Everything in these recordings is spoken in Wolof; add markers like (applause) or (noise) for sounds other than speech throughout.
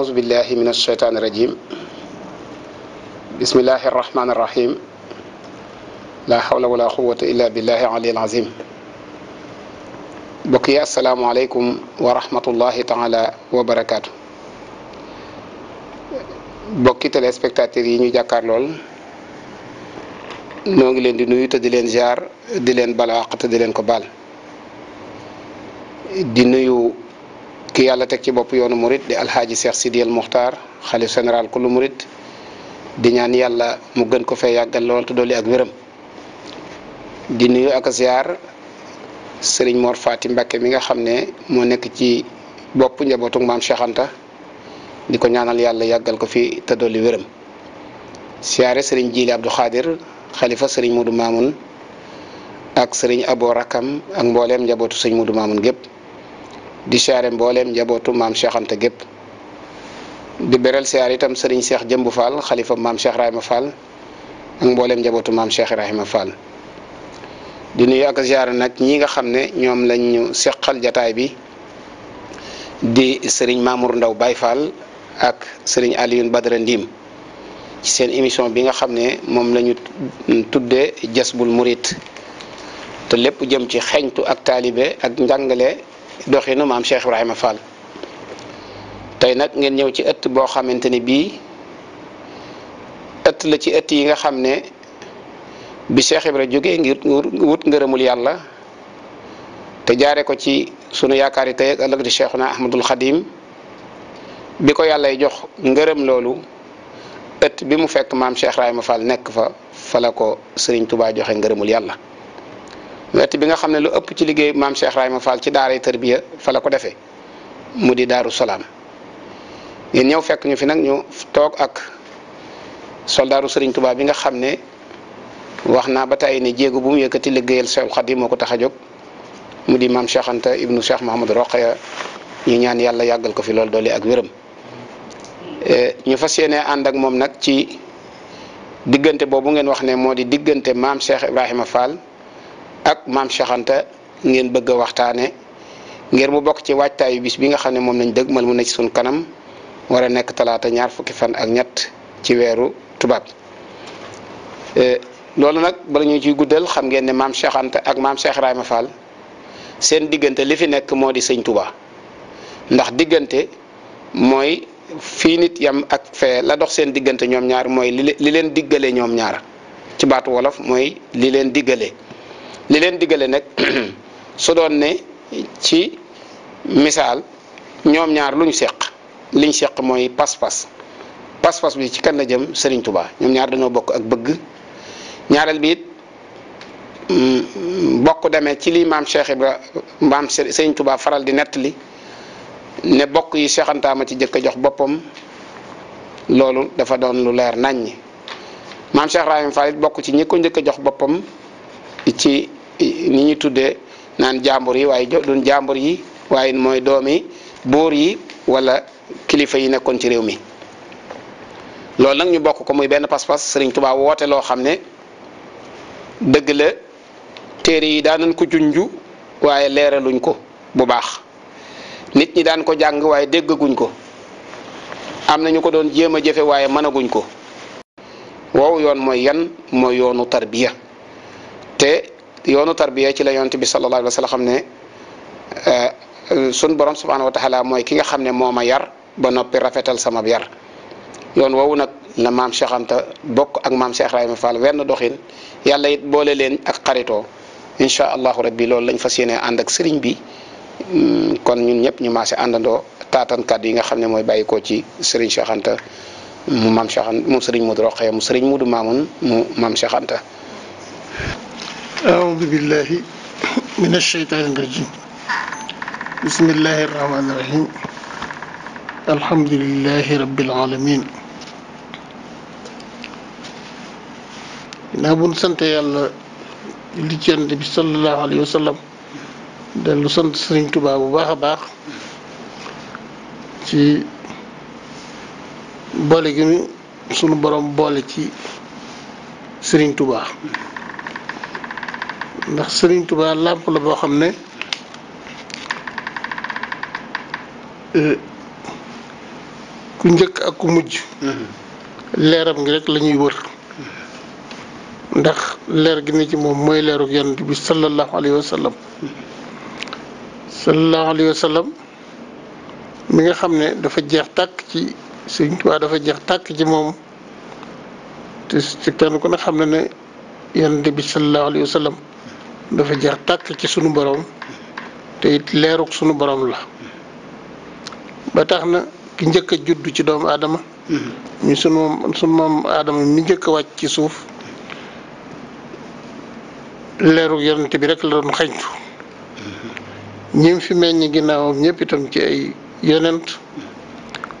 أعوذ بالله من الشيطان الرجيم بسم الله الرحمن الرحيم لا حول ولا قوة إلا بالله العلي العظيم بقي السلام عليكم ورحمة الله تعالى وبركاته bokki téléspectateurs yi ñu jàkkaar lool noo ngi leen di nuyu te di leen jaar di leen balaax te di leen ki yàlla teg ci bopp yoonu murit di alxaaji Cheikh Sidi El Muxtaar xalif général kullu murit di ñaan yàlla mu gën ko fee yàggal lool te dolli ak wéram di nuyu ak ziar sëriñ Mor Fati Mbakke mi nga xam ne moo nekk ci bopp njabootu maam Cheikh Anta di ko ñaanal yàlla yàggal ko fi te dolli wéram siyaare sëriñ Jili Abdou Khadir xalifa sëriñ Modou Mamoun ak sëriñ Abo Rakam ak mbooleem njabootu sëriñ Modou Mamoun gépp di siyaare mbooleem njabootu maam Cheikh gépp di beral siyaar itam sëriñ Cheikh Jëmbu Fall xalifa maam Cheikh Ibrahima Fall ak mbooleem njabootu maam di nuyu nag ñi nga xam ne ñoom lañ ñu seqal jataay bi di sëriñ Mamour Ndaw Baye Fall ak sëriñ Alioune Badara Ndiim ci seen émission bi nga xam ne moom lañu ñu tuddee Jazbul murit te lépp jëm ci xeñtu ak taalibe ak njàngale doxinu maam Cheikh Ibrahima Fall tey nag ngeen ñëw ci ëtt boo xamante ni bii ëtt la ci ëtt yi nga xam ne bi bi rek jóge ngir wut ngërëmul yàlla te jaare ko ci sunu yaakaar yi tey ak ëllëg di Ahmadul Xadim bi ko yàllay jox ngërëm loolu ëtt bi mu fekk maam Cheikh Ibrahima Fall nekk fa fa la ko Serigne tubaay joxe ngërëmul yàlla. wet bi nga xam ne lu ëpp ci liggéey maam Cheikh Rahima Fall ci daaray tarbiya fa la ko defee mu di daaru salaam ngeen ñëw fekk ñu fi nag ñu toog ak soldaaru Serigne tubaab bi nga xam ne wax naa ba tey ne jéego bu mu yëkkati liggéeyal Cheikh Khadim moo ko tax a jóg mu di maam Cheikh Anta ibnu Cheikh Mahamadou Roqaya ñu ñaan yàlla yàggal ko fi loolu doole ak wéram e, ñu fas yéene ànd moom nag ci diggante boobu ngeen wax ne moo di diggante maam Cheikh Ibrahima Fall. ak maam Cheikh ngeen bëgg a ngir mu bokk ci waajtaayu bis bi nga xam ne moom lañ dëgmal mu ne ci suñ kanam war a nekk talaata ñaar fukki fan ak ñett ci weeru tubaab e, loolu nag bala ñu ciy guddal xam ngeen ne maam Cheikh ak maam Cheikh rahima Fall seen diggante li fi nekk moo di Touba ndax diggante mooy fii nit yam ak fee la dox seen diggante ñoom ñaar mooy li leen diggale ñoom ñaar ci baatu wolof mooy li leen diggale li leen diggale nag (clears throat) su doon ne ci misaal ñoom ñaar lu ñu seq liñ seq mooy pas-pas pas-pas bi ci kan jëm Serigne Touba ñoom ñaar dañoo bokk ak bëgg ñaareel biit it mm, bokk demee ci li maam Cheikh ba maam Serigne tubaa faral di nettali ne bokk yi Cheikh ma ci jëkk a jox boppam loolu dafa doon lu leer naññ maam Cheikh Rahim Fall it bokk ci ñi ko njëkk a jox boppam ci. ni ñu tuddee naan jàmbur yi waaye duñ jàmbur yi waaye mooy doomi buur yi wala kilifa yi nekkoon ci réew mi loolu nag ñu bokk ko muy benn pas-pas Sëriñ Tuubaa woote loo xam ne dëgg téere yi daan nañ ko junju waaye leeraluñ ko bu baax nit ñi daan ko jàng waaye déggaguñ ko am na ñu ko doon jéem a jëfe waaye mënaguñ ko wow yoon mooy yan mooy yoonu tarbiya te yoonu tarbiya ci la yonent bi sallallahu alayhi wa xam ne eh, sun borom subhanahu wa mooy ki nga xam ne moo ma yar ba noppi rafetal sama yar yoon woowu nag la maam Cheikh bokk ak maam Cheikh Ibrahima yàlla it boole leen ak xaritoo incha allahu loolu lañ fas yéene ànd ak sëriñ bi hmm, kon ñun ñëpp ñu maase àndandoo taatan kàddu yi nga xam ne mooy bàyyikoo ci sëriñ Cheikh Anta mu maam Cheikh Anta mu sëriñ Modou Rokhaya mu sëriñ Modou Mamoun mu maam Cheikh أعوذ بالله من الشيطان الرجيم بسم الله الرحمن الرحيم الحمد لله رب العالمين نابون سنت يالا اللي جن النبي صلى الله عليه وسلم دلو سنت سرين تبع بو باخ باخ في بولي سنبرم سونو بروم بولي سرين توبا ndax Sëriñ Tuubaa làmp la boo xam ne euh, ku njëkk ak ku mujj mm-hmm. leeram ngi rek lañuy wër mm-hmm. ndax leer gi ne ci moom mooy leeru yonent bi sallallahu alayhi wa sallam mm-hmm. sallallahu alayhi wa sallam mi nga xam ne dafa jeex tàkk ci Sëriñ Tuubaa dafa jeex tàkk ci moom te ci kenn ku ne xam ne ne yonent bi sallallahu alayhi wa sallam dafa jar tàkk ci sunu borom te it leeruk sunu borom la ba tax na ki njëkk a judd ci doomu aadama ñu sunu sunu moom aadama mi njëkk a wàcc ci suuf leeruk yonent bi rek la doon xañtu ñim fi meññ ginnaawam ñëpp itam ci ay yonent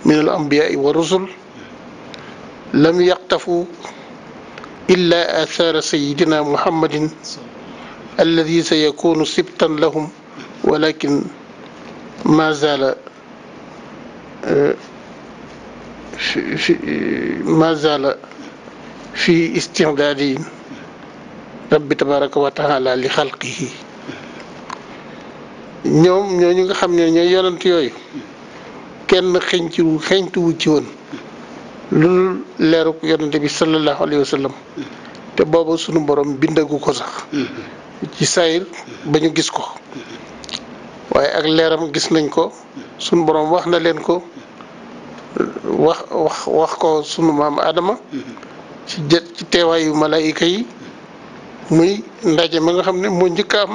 minal ambiyaa wa rusul lam yaqtafu illa athara sayidina muhammadin الذي سيكون سبطا لهم ولكن ما زال في في ما زال في استعداد رب تبارك وتعالى لخلقه ñoom ñooñu nga xam ne ñooy yonent yooyu kenn xeñtu xeñtuwu ci woon lu leeruk yonent bi sallallahu alayhi wa sallam te booba sunu borom bindagu ko sax ci sayir ba ñu gis ko waaye ak leeram gis nañ ko suñ borom wax na leen ko wax wax wax ko sunu maam Adama ci jë ci teewaayu malaayika yi muy ndaje ma nga xam ne moo njëkk am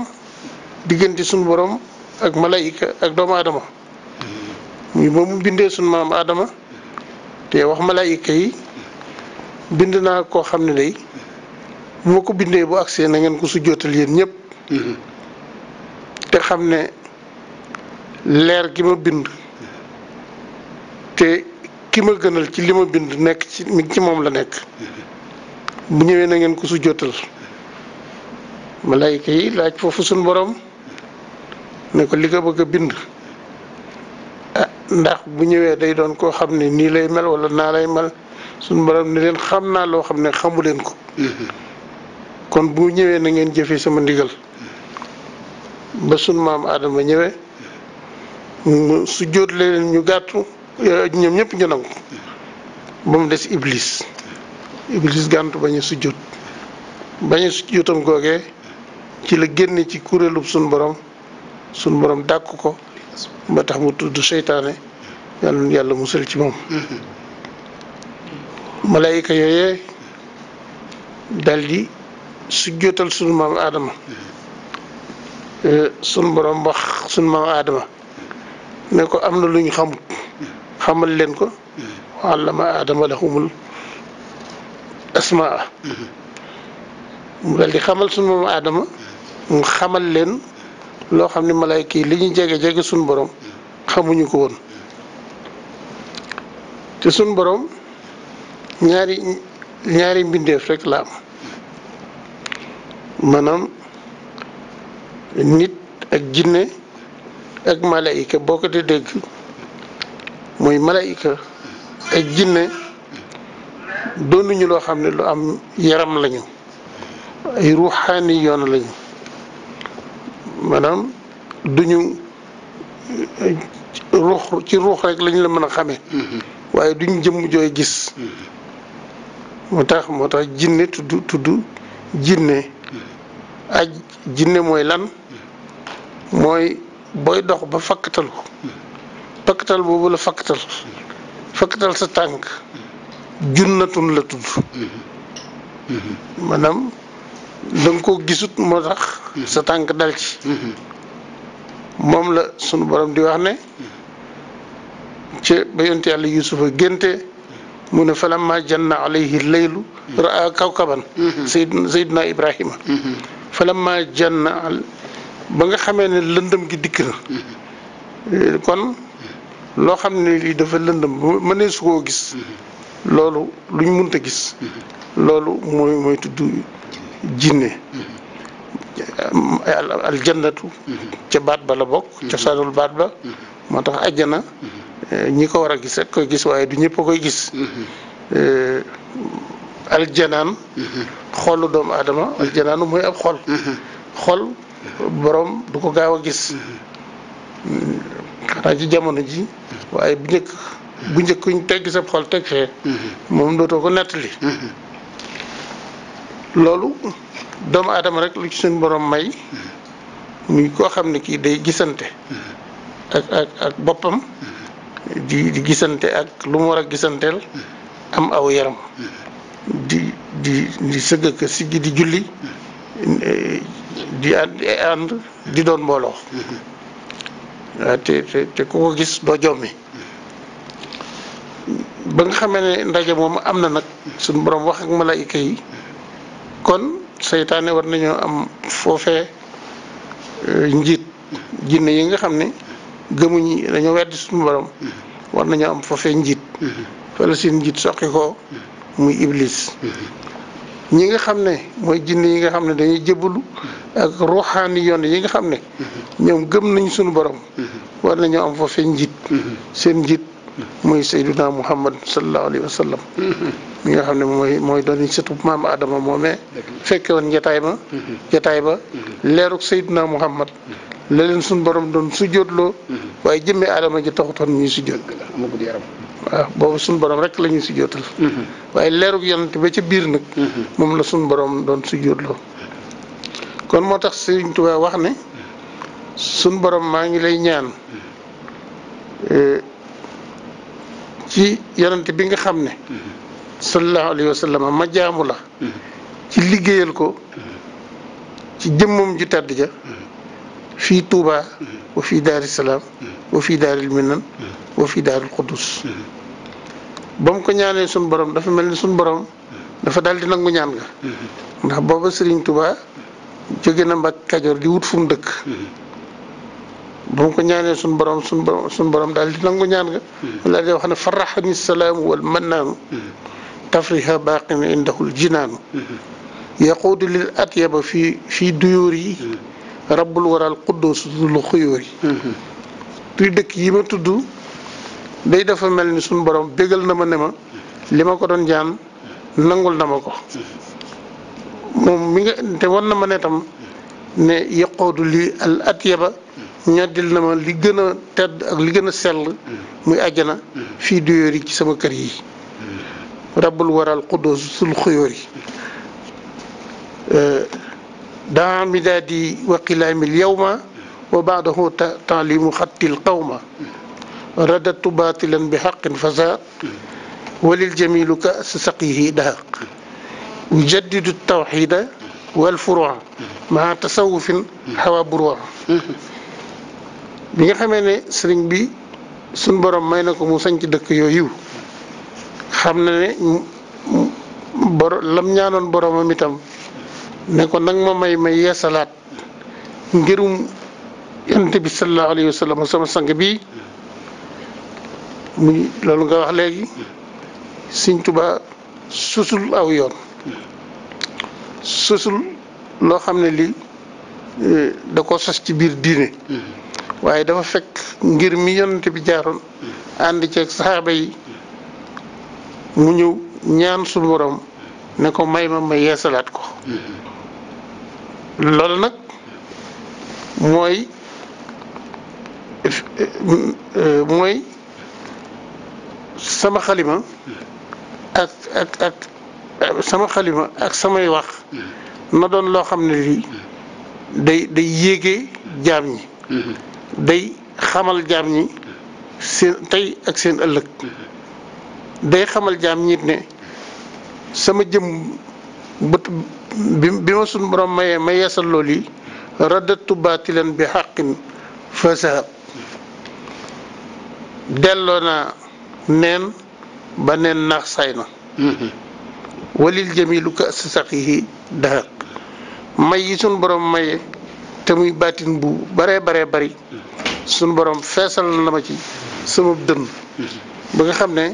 diggante sunu boroom ak malaayika ak doomu Adama muy ba mu bindee sunu maam Adama te wax malaayika yi bind naa koo xam ne day. bu ma ko bindee bu agsee na ngeen ko su jootal yéen ñëpp mhm. te xam ne leer gi ma bind te ki ma gënal ci li ma bind nekk ci mi moom la nekk mhm. bu ñëwee na ngeen ko su jootal malayka yi laaj foofu suñ borom ne ko li nga bëgg a bind ah ndax bu ñëwee day doon koo xam ne nii lay mel wala naa lay mel suñ borom ne leen xam naa loo xam ne xamu leen ko mhm. kon bu ñëwee na ngeen jëfee sama ndigal ba sun maam Adama ñëwee su jóot leen ñu gàttu ñoom ñëpp ñu nangu ba mu des Iblis Iblis gàntu bañ a sujjóot bañ a sujjóotam googee ci la génne ci kuréelub sun borom sun borom dàkk ko ba tax mu tudd seytaane yàlla yàlla musal ci moom mm-hmm. malayka yooyee daldi su jootal sunu maam Adama mm-hmm. eh, sunu borom wax sunu maam Adama ne ko am na lu ñu xamut mm-hmm. xamal leen ko mm-hmm. wa allama Adama lahumul asmaa mu dal xamal sunu maam Adama mu xamal leen loo xam ne malaayka kii li ñu jege jege sunu borom xamuñu ko woon te sunu borom ñaari ñaari mbindeef rek la am. maanaam nit ak jinne ak malaayika boo ko dee dégg mooy malaayika ak jinne doonuñu loo xam ne lu am yaram lañu ay ruuxaani yoon lañu maanaam duñu ruux ci ruux rek lañu la mën a xamee mm-hmm. waaye duñ jëmm jooy gis mm-hmm. moo tax moo tax jinne tudd tudd jinne aj jinne mooy lan mooy booy dox ba fakkatal ko fakkatal boobu la fakkatal fakkatal sa tànk junnatun la tudd maanaam da nga ko gisut moo tax sa tànk dal ci moom la sunu borom di wax ne ci ba yonte yàlla génte mu ne falamma janna alayhi laylu raa kawkaban sayd mm-hmm. sayduna ibrahima mm-hmm. falamma janna ba nga xamee ne lëndëm gi dikk na eh, kon loo xam ne lii dafa lëndëm mënee su koo gis loolu luñ munta gis loolu mooy mooy tudd jinne aljannatu ca baat ba la bokk cosaanul baat ba moo tax ajjana eh, ñi ko war a gis rek koy gis waaye du ñëpp koy gis eh, aljanaan xolu doomu aadama aljanaanu mooy ab xol xol borom du ko gaaw a gis xanaa ci jamono ji waaye bu njëkk bu njëkk kuñ tegg sa xol teg fee moom dootoo ko nettali loolu doomu aadama rek lu ci suñ borom may muy koo xam ne kii day gisante ak ak ak boppam di di gisante ak lu mu war a gisanteel am aw yaram di di di sëgg ak di julli di ànd di doon mbooloo waaw mm-hmm. ah, te te ku ko gis doo jommi ba nga xamee ne ndaje moom am na nag suñu borom wax ak malaayika yi kon seytaane war nañoo am foofee eh, njiit jinne yi nga xam ne gëmuñu dañoo weddi suñu borom mm-hmm. war nañoo am foofee njiit mm-hmm. fa la njiit soqi muy iblis. ñi nga xam ne mooy jinne yi nga xam ne dañuy jëbalu ak ruuxaani yoon yi nga xam ne ñoom gëm nañ suñu borom mm-hmm. war nañoo am fa seen njiit mm-hmm. seen njiit muy sayyiduna muhammad sallallahu alayhi wa mi nga xam ne mooy mooy doon sëtub maam adama moomee fekke woon jotaay ba jotaay ba leeruk sayyiduna muhammad la leen sun borom doon sujjootloo waaye jëmmi adama ji taxutoon ñuy sujjoot waaw boobu sun borom rek la ñuy sujjootal waaye leeruk yonante ba ca biir nag moom la sun borom doon sujjootloo kon moo tax sëriñ tuba wax ne sun borom maa ngi lay ñaan eh, ci yonent bi nga xam ne sallallahu alayhi wa ma jaamu la ci liggéeyal ko ci jëmmam ju tedd ja fii tuuba wa fii Daaru wa fii Daarul Minan wa fii Daarul ba mu ko ñaanee suñ borom dafa mel ni suñ boroom dafa dal di nangu ñaan nga ndax booba Serigne Touba jóge na Mbàkke Kajoor di wut fu dëkk bu mu ko ñaanee suñu borom suñu borom suñu borom daal di nangu ñaan nga. Hmm. daal di wax ne faraxani salaamu wal mannaanu. Hmm. tafriha baaqin indahul jinaanu. Hmm. yaquudu lil atyaba fii fii duyóor yi. rabbul waral quddus lu xuyóor tuy dëkk yi ma tudd day dafa mel ni suñu borom bégal na ma ne ma li ma ko doon jaan nangul na ma ko. moom mi nga te won na ma ne tam ne yaquudu lil atyaba. ñoddil na ma li gën a tedd ak li gën a sell muy ajana fii duyóor yi ci sama kër yi rabbul waral xuddoos sul xuyóor yi daa midaadi wa qilaamil yawma wa baadahu taalimu xattil qawma radatu baatilan bi xaqin fasaaq walil jamilu ka sa dahaq yujaddidu tawxida wal furuwa maa tasawufin xawa buruwa bi nga xamee ne sëriñ bi suñ borom may na ko mu sañ ci dëkk yooyu xam na ne boro lam ñaanoon boromam itam ne ko nag ma may may yeesalaat ngirum yonent bi sallallahu alayhi sama sang bi muy loolu nga wax léegi Sëriñ Tuubaa susul aw yoon susul loo xam ne lii eh, da ko sos ci biir diine waaye dafa fekk ngir mi yonent bi jaaroon ànd ceeg saxaaba yi mu ñëw ñaan suñu ne ko may ma ma yeesalaat ko loolu nag mooy sama xalima ak sama xalima ak samay wax na doon loo xam ne lii day day yéege jaam yi day xamal jaam ñi seen tey ak seen ëllëg day xamal jaam ñi ne sama jëm bët bi ma suñ borom mayee ma yeesal lool yi raddatu baatilan bi xaqin fa sahab delloo na neen ba neen naax saay na walil jamilu ka si saqihi daxaq may yi suñ borom mayee te muy baatin bu bare baree bari sunu borom feesal na ma ci sama dënn ba nga xam ne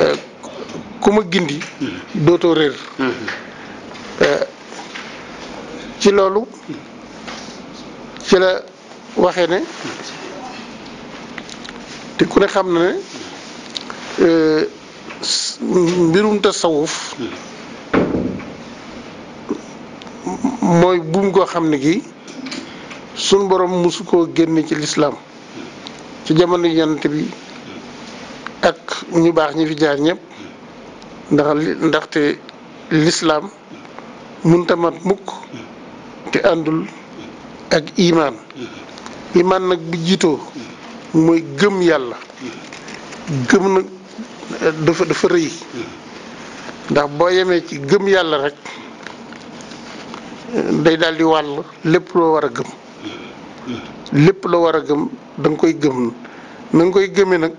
euh, ku ma gindi dootoo réer euh, ci loolu ci la waxee ne te ku ne xam ne euh, mbirum tasawuf mooy buum goo xam ne gi sun borom musu koo génne ci lislaam ci jamono yonent bi ak ñu baax ñi fi jaar ñëpp ndax ndaxte lislaam munta mat mukk te àndul ak iman iman nag bi jiitoo mooy gëm yàlla gëm nag dafa dafa rëy ndax boo yemee ci gëm yàlla rek day daal di wàll lépp loo war a gëm lépp la war a gëm danga koy gëm na nga koy gëmee nag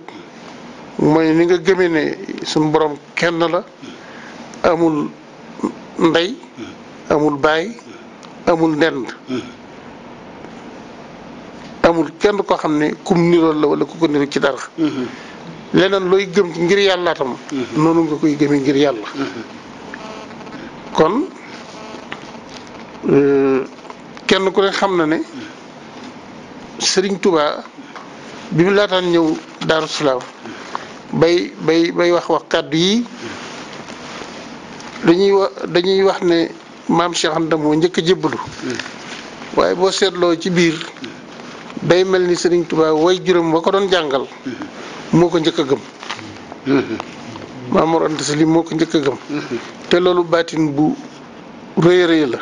mooy ni nga gëmee ne suñu borom kenn la amul ndey amul baay amul ndend amul kenn koo xam ne kum nirool la wala ku ko niru ci dara leneen looy gëm ngir yàlla tam noonu nga koy gëmee ngir yàlla kon euh, kenn ku ne xam na ne Sëriñ Touba bi mu laataan ñëw Daaru Salaam bay bay bay wax wax kàddu yi dañuy wax dañuy wax ne maam Cheikh Anta moo njëkk a jébbalu waaye boo seetloo ci biir day mel ni Sëriñ Touba way juróom ba ko doon jàngal moo ko njëkk gëm Maam Mor Anta moo ko njëkk a gëm te loolu baatin bu rëy rëy la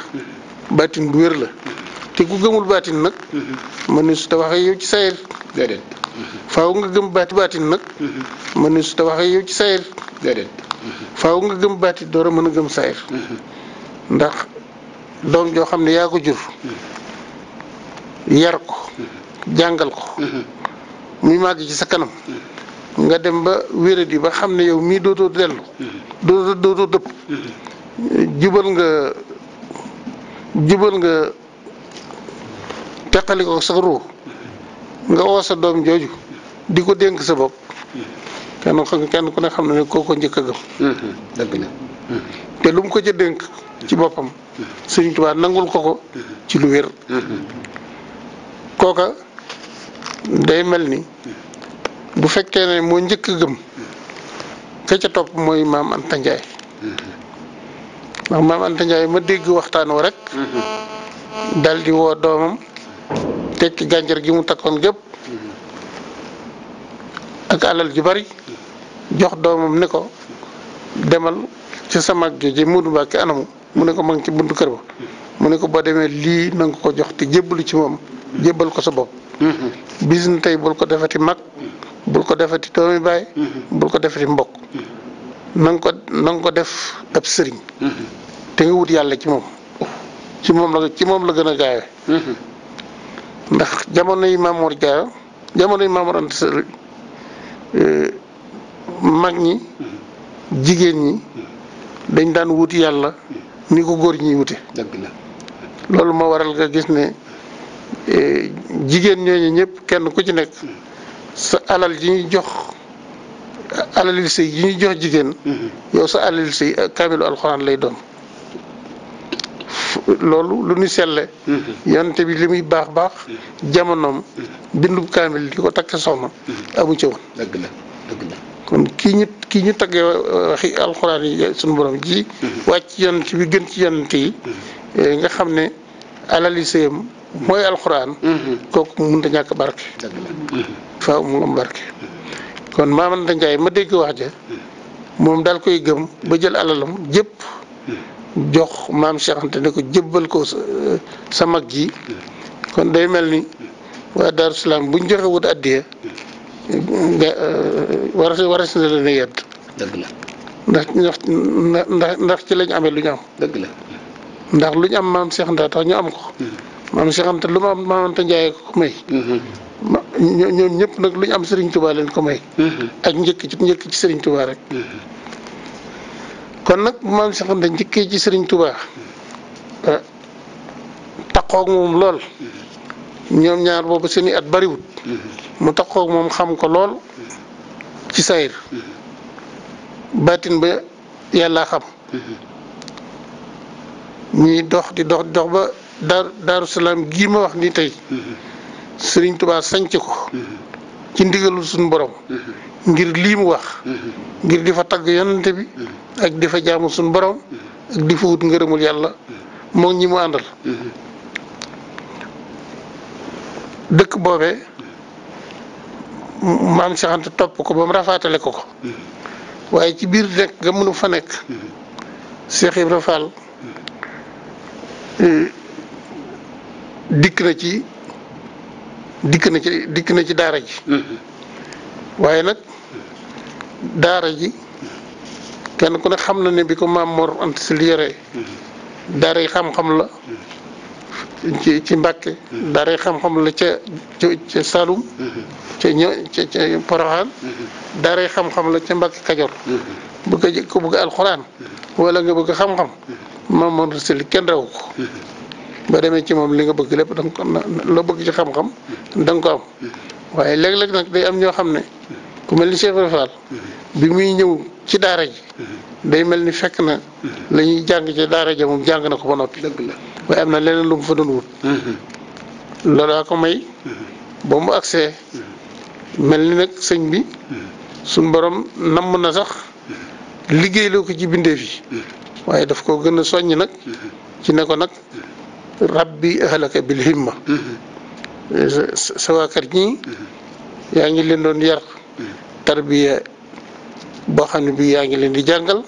baatin bu wér la te ku gëmul baatin nag. Mm-hmm. mën na su ta waxee yow ci sayel. déedéet. Mm-hmm. nga gëm baati baatin nag. Mm-hmm. mën na su ta waxee yow ci sayel. déedéet. nga gëm baati door a mën a gëm sayel. ndax doom joo xam ne yaa ko jur. yar ko. jàngal ko. muy màgg ci sa kanam. nga dem ba wéradi ba xam ne yow mii dootoo dellu. dootoo dootoo dëpp. jubal nga jubal nga. teqali ko sa ruux nga woo sa doom jooju di ko dénk sa bopp kenn xam kenn ku ne xam na ne koo ko njëkk a gëm. te lu mu ko ca dénk ci boppam. Sëriñ Tuubaa nangul ko ko ci lu wér. kooka day mel ni bu fekkee ne moo njëkk a gëm ka topp mooy maam Anta Ndiaye ma dégg waxtaan wa rek. dal di woo doomam. tekki gànjar gi mu takkoon gépp ak alal ju bari jox doomam ne ko demal ci sama mag ji Moodu Mbàkke anamu mu ne ko ma ci buntu kër ba mu ne ko boo demee lii nang ko jox te jébbalu ci moom jébbal ko sa bopp bis na bul ko defati mag bul ko defati doomi baay bul ko defati mbokk nang ko nang ko def ab sëriñ te nga wut yàlla ci moom ci moom la ci moom la gën a ndax jamono yi Mamour Diarra jamono yi Mamour Anta Sall euh, mag ñi jigéen ñi dañ daan wuti yàlla ni ko góor ñiy wute. dëgg la loolu moo waral nga gis ne euh, jigéen ñooñu ñëpp kenn ku ci nekk sa alal yi ñuy jox alalil sëy yi ñuy jox jigéen. Mm-hmm. yow sa alalil sëy kaamilu alxuraan lay doon. loolu lu nu selle mm-hmm. yonte bi li muy baax baax mm-hmm. jamonoom mm-hmm. bindub kaamil di ko takk soxna amu ci woon kon kii ñu kii ñu taggee uh, waxi alxuraan yi suñu borom ji wàcc yonent bi gën ci yonent yi eh, nga xam ne alali sëyam mooy alxuraan kooku mënut a ñàkk barke faaw mu barke kon maamanta Njaay ma dégg wax ja moom daal koy gëm ba jël alalam jépp jox maam Cheikh Anta ne ko jëbbal ko sa mag ji kon day mel ni waa Darou Salaam buñ joxe wut addiya nga euh, war a war a na leen yedd ndax ndax ndax ci lañ amee lu ñu am. dëgg la ndax lu am maam Cheikh tax ñu am ko. maam Cheikh lu ma am maam Anta Ndiaye ko may. Mm-hmm. ñoom ñëpp nag lu am Serigne Touba leen ko may. Mm-hmm. ak njëkk ci njëkk ci Serigne Touba rek. Mm-hmm. kon nag maam Cheikh Anta njëkkee ci sëriñ Touba ah, taqoog moom lool ñoom ñaar boobu seeni at bariwut mu taqoog moom xam ko lool ci sayir baatin ba yàlla xam ñuy dox di dox di dox ba daar daaru salaam gi ma wax ni tey Serigne Touba sanc ko ci ndigalul suñu borom ngir lii mu wax. Mm-hmm. ngir di fa tagg yonante bi. Mm-hmm. ak di fa jaamu suñu borom. Mm-hmm. ak di fa wut ngërëmul yàlla. moo ñi mu àndal. dëkk boobee maam Cheikh topp ko ba mu rafaatale ko ko. waaye ci biir nekk nga mënu fa nekk. Cheikh Ibra Fall eh, dikk na ci dikk na ci dikk na ci daara ji. waaye nag daara ji kenn ku ne xam na ne bi ko maam Mor Anta Sali yore daara yi xam-xam la ci ci Mbàkke daara yi xam-xam la ca ca Saloum ca ñë ca ca Poroxaan daara yi xam-xam la ca Mbàkke Kajoor bëgg ko bugg alxuraan walla nga bëgg xam-xam maam Mor Anta Sali kenn rawu ba demee ci moom li nga bëgg lépp danga ko bëgg ci xam ko am waaye léeg-léeg nag day am ñoo xam ne ku mel ni Cheikh bi muy ñëw ci daara ji day mel ni fekk na lañuy jàng ci daara ja moom jàng na ko ba noppi. dëgg la waaye am na leneen lu mu fa doon wut. Mhm. loolaa ko may. Mhm. ba mu agsee mhm. mel ni nag sëñ bi suñ borom namm na sax liggéey loo ko ci bindeef yi waaye daf ko gën a soññ nag ci ne ko nag rabbi ahlaka bil himma sa waa kër ñii yaa ngi leen doon yar tarbiya boo xam ne bii yaa ngi leen di jàngal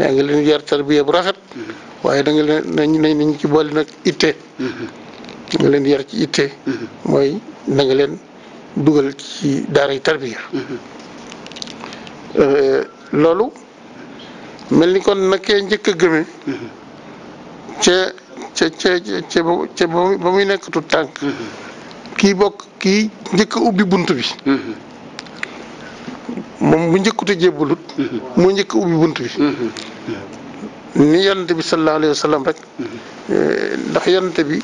yaa ngi leen di yar tarbiya bu rafet waaye da nga leen nañ nañ nañ ci boole nag itte da leen di yar ci itte mooy na leen dugal ci daaray tarbiya loolu mel ni kon na njëkk a gëmee ca ca ca ca ba muy nekk tu tànk kii bokk kii njëkk ubbi bunt bi mhm. moom bu njëkkute bulut mhm. moo njëkk ubbi bunt bi mhm. ni yonante bi sallallahu alayhi Wasallam, sallam rek eh, ndax yonante bi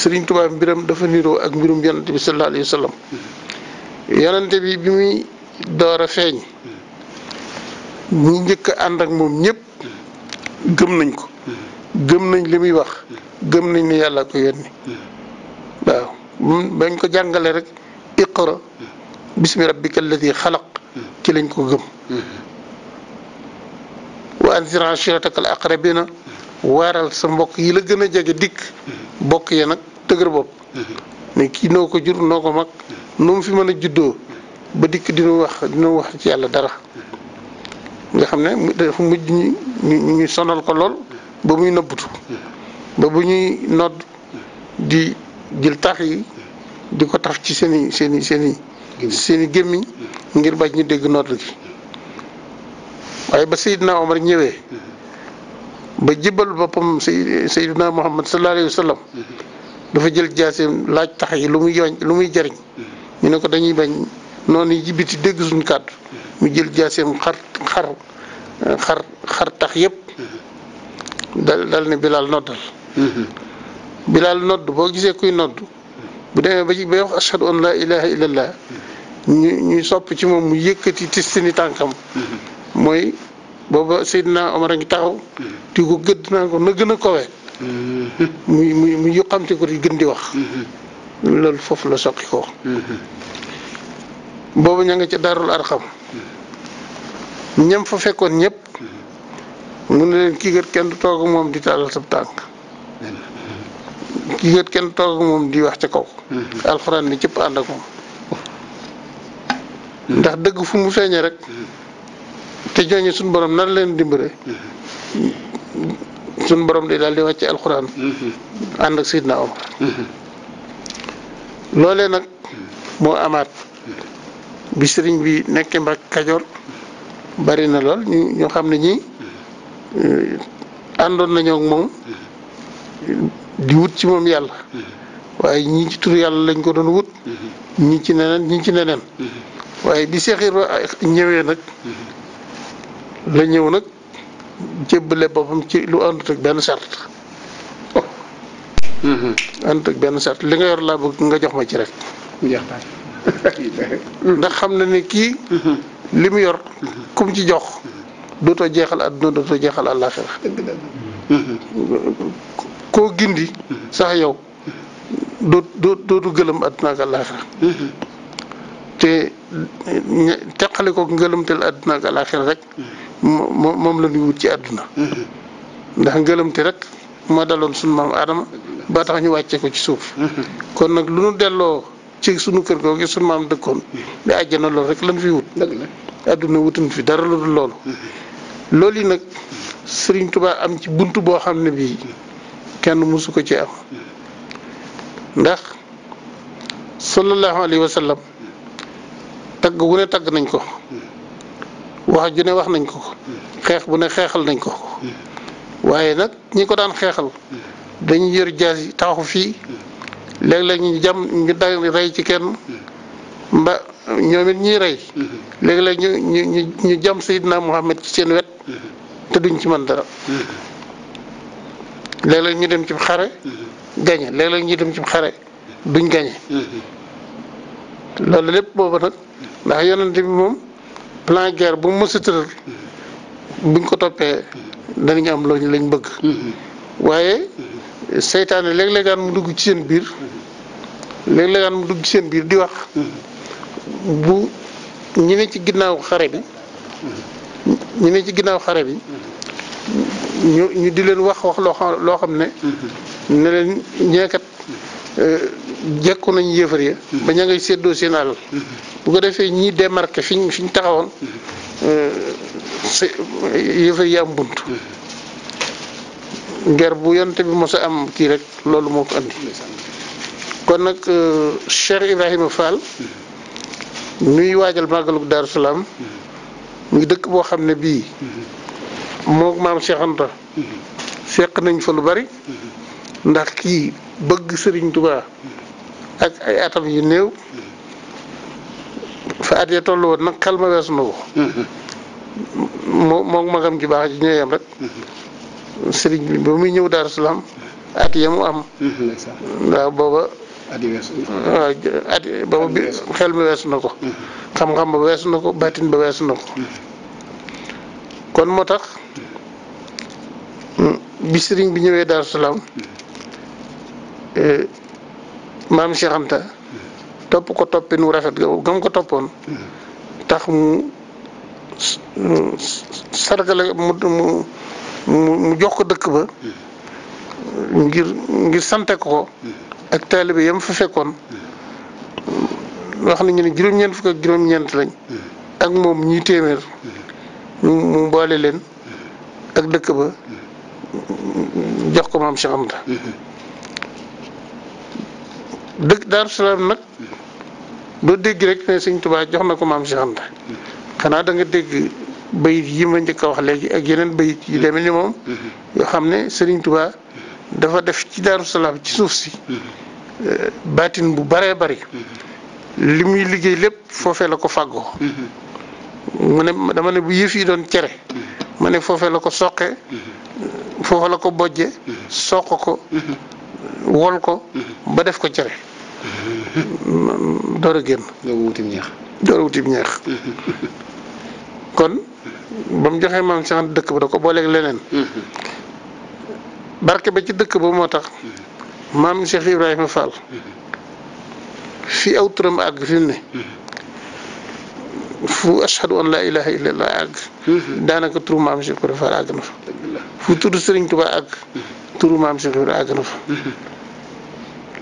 serigne touba mbiram dafa niroo ak mbirum yonante bi sallallahu alayhi Wasallam. sallam bi bi muy door a feeñ ñi njëkk a ànd ak moom ñëpp gëm nañ ko gëm nañ li wax gëm nañ ne yàlla ko yónni waaw bañ ko jàngalee rek iqra bi rabbika alladi xalaq ci lañ ko gëm wa anzir ashirataka al aqrabina waaral sa mbokk yi la gën a jege dikk bokk ya nag dëgër bopp ne kii noo ko jur noo ko mag nu mu fi mën a juddoo ba dikk dinu wax dina wax ci yàlla dara nga xam ne dafa mujj ñu ñu sonal ko lool ba muy nëbbutu ba bu ñuy nodd di jël taax yi di ko tax ci seen seeni seeni i gémmiñ ngir bañ ñu dégg nodd gi waaye ba Seydina Omar ñëwee ba jibal boppam Sey Seydina Muhammad sallallahu alayhi wa dafa jël jaaseem laaj tax yi lu muy lu muy jariñ ñu ne ko dañuy bañ noonu yi jibiti dégg suñ kàddu mu jël jaaseem xar xar xar xar tax yépp dal dal ne Bilaal noddal bilaal nodd boo gisee kuy nodd bu demee ba ci bay wax ashhadu an laa ilaha illallah ñu ñuy sopp ci moom mu yëkkati tistini tànkam mooy booba Seydina Omar a ngi taxaw di ko gëdd naa ko na gën a kowee muy mu yuqamte ko di gën di wax loolu foofu la soqi ko boobu ña nga ca daarul arxam ñam fa fekkoon ñëpp mu ne leen kii kat kenn du toog moom di tàllal sab tànk kii kat kenn toog di wax ca kaw. Mm-hmm. alxuraan ni cëpp ànd moom. ndax dëgg fu mu feeñee rek. Mm-hmm. te ñooñu suñ borom na leen dimbale. Mm-hmm. suñu borom day daal di wàcce alxuraan. ànd ak Sidna Omar. loolee nag moo amaat. bi sëriñ bi nekkee Mbàkke Kajoor bari na lool ñu ñu xam ne ñii eh, àndoon nañoo ak moom. di wut ci moom yàlla waaye ñii ci tur yàlla lañ ko doon wut ñii ci neneen ñii ci neneen waaye bi Seex Ibra ñëwee nag la ñëw nag jébbale boppam ci lu àndut ak benn sart àndut benn sart li nga yor laa bëgg nga jox ma ci rek ndax xam na ni kii li mu yor kum ci jox dootoo jeexal àdduna dootoo jeexal àllaaxira koo gindi sax yow doo doo dootu gëlëm àdduna ak àllaaxira te teqale ko ngëlëmteel àdduna ak àllaaxira rek moom la ñuy wut ci àdduna ndax ngëlëmte rek moo daloon suñu maam Adama ba tax ñu wàccee ko ci suuf kon nag lu nu delloo ci sunu kër googu suñu maam dëkkoon di àjjana loolu rek lan fi wut àdduna wutuñ fi dara lu dul loolu loolu yi nag Sëriñ Tuubaa am ci bunt boo xam ne bii kenn mësu ko ci am ndax sallallahu alayhi wa sallam tagg ne tagg nañ ko wax ju ne wax nañ ko xeex bu ne xeexal nañ ko waaye nag ñi ko daan xeexal dañuy yor jaas yi fii léeg-léeg ñu jam ñu da rey ci kenn mba ñoom it ñuy rey léeg-léeg ñu ñu ñu jam Seydina Muhammad ci seen wet te duñ ci mën dara léeg-léeg ñu dem ci xare. Mm-hmm. gañe léeg-léeg ñu dem ci xare duñ gañe. Mm-hmm. loolu lépp boobu nag mm-hmm. ndax moom plan guerre bu mu mës buñ ko toppee danañ am looñu lañ bëgg. seytaane léeg-léegaan mu dugg ci seen biir léeg-léegaan mu dugg ci seen biir di wax. bu ñu ne ci ginnaaw xare bi ñu ne ci ginnaaw xare bi ñu ñu di leen wax wax loo xam loo xam ne ne leen ñee kat euh, jekku nañ yëfar ya ba ña ngay séddoo seen àll bu ko defee ñi démarqué fiñ fiñ taxawoon euh, yëfar yi am bunt nger bu yonte bi mos a am kii rek loolu moo ko andi kon nag euh, cheikh ibrahima fall nuy waajal màggalug daaru salaam muy dëkk boo xam ne bii moog maam Cheikh Anta seq nañ fa lu bari ndax kii bëgg Sëriñ Tuubaa ak ay atam yu néew fa at yee tollu nag xel ma weesu na ko moo moog magam sëriñ bi mu am waaw booba waaw at booba bi na ko mm-hmm. xam weesu na ko baatin weesu na mm-hmm. moo tax bi sëriñ bi ñëwee Daaru Salaam mm-hmm. eh, maam Cheikh mm-hmm. topp ko toppin wu rafet gam ko toppoon mm-hmm. tax mu sargale mu mu mu jox ko dëkk ba ngir ngir sante ko ak taalibe yam fa fekkoon wax nañu ne juróom-ñeent fukk ak juróom-ñeent lañ ak moom ñuy téeméer mu boole leen ak dëkk ba jox ko maam Cheikh Anta dëkk Daaru Salaam nag doo dégg rek ne Sëñ tubaa jox na ko maam Cheikh Anta xanaa da dégg bayit yi ma njëkk a wax léegi ak yeneen bayit yi deme ni moom yoo xam ne Sëriñ Tuubaa dafa def ci Daaru Salaam ci suuf si eh, baatin bu baree bari li muy liggéey lépp foofee la ko fàggoo mu ne dama ne bu yëf yi doon cere ma ne foofee la ko soqe foofu la ko bojje soq ko wol ko ba def ko cere door a génn door a wutim ñeex door a wutim ñeex kon ba joxee maam si dëkk ba da ko booleeg leneen barke ba ci dëkk ba moo tax maam Cheikh Ibrahima Fall fi aw turam àgg fi mu ne فأشهد أن لا إله إلا الله أك دانا كترو ما مشي كرفا أجنف فتور سرين تبا أك ترو ما مشي كرفا أجنف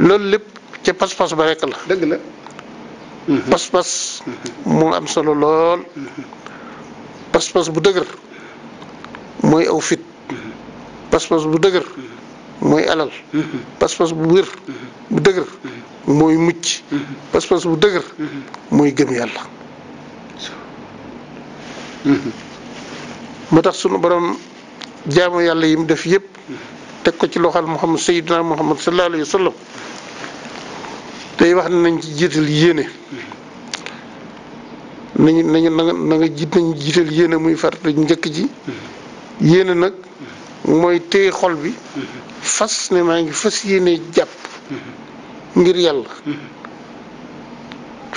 لول لب كباس باس بارك الله دقلا باس باس مو أم سلو لول باس باس بدقر موي أوفيت باس باس بدقر موي ألال باس باس بوير بدقر موي مج باس باس بدقر موي جميع الله Mm-hmm. moo tax sunu borom jaamu yàlla yi mu def yëpp teg ko ci loxal Muhammad Sayyidina Muhammad sallallahu alayhi wa sallam tey wax nañ ci jiital yéene nañu nañu na na nga jiit nañ jiital yéene muy far farata njëkk ji yéene nag mooy téye xol bi mm-hmm. fas ne maa ngi fas yéene jàpp mm-hmm. ngir yàlla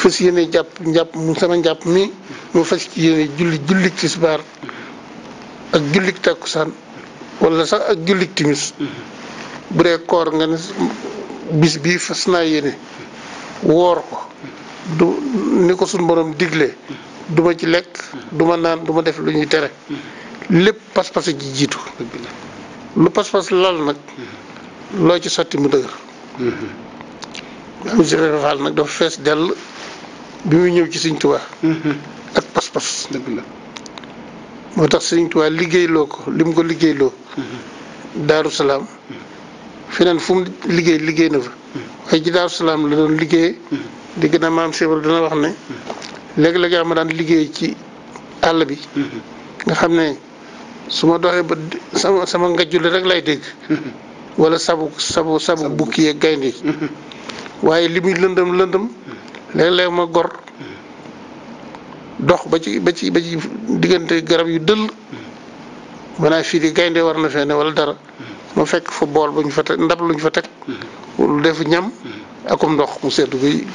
fas yéene jàpp njàpp mu sama njàpp mi mu fas ci yéene julli jullik tisbaar ak jullik takkusaan wala sax ak jullik timis bu dee koor nga ne bis bii fas naa yéene woor ko du ni ko suñ borom diglee du ci lekk du ma naan duma def lu ñuy tere lépp pas-pas ci jiitu lu pas-pas lal nag loo ci sotti mu dëgër mm-hmm. maam nag dafa fees dell bi muy ñëw ci Sëriñ Tuubaa mm-hmm. ak pas-pas moo tax Sëriñ Tuubaa liggéeyloo ko li mu ko liggéeyloo mm-hmm. Daaru Salaam mm-hmm. feneen fu liggéey liggéey na fa waaye ci Daaru Salaam la doon liggéeye dégg na maam Cheikh Ibra dana wax ne léeg-léeg am ma daan liggéey ci àll bi nga xam ne su ma doxee ba sama sama ngajjule rek lay dégg wala sabu sabu sabu bukki yeeg gaynde yi waaye li muy lëndëm lëndëm léeg-léeg ma gor dox ba ci ba ci ba ci diggante garab yu dëll maanaam fii di gaynde war na fee ne wala dara ma fekk fa bool bu ñu fa teg ndab lu ñu fa teg lu def ñam akum ndox mu sedd guy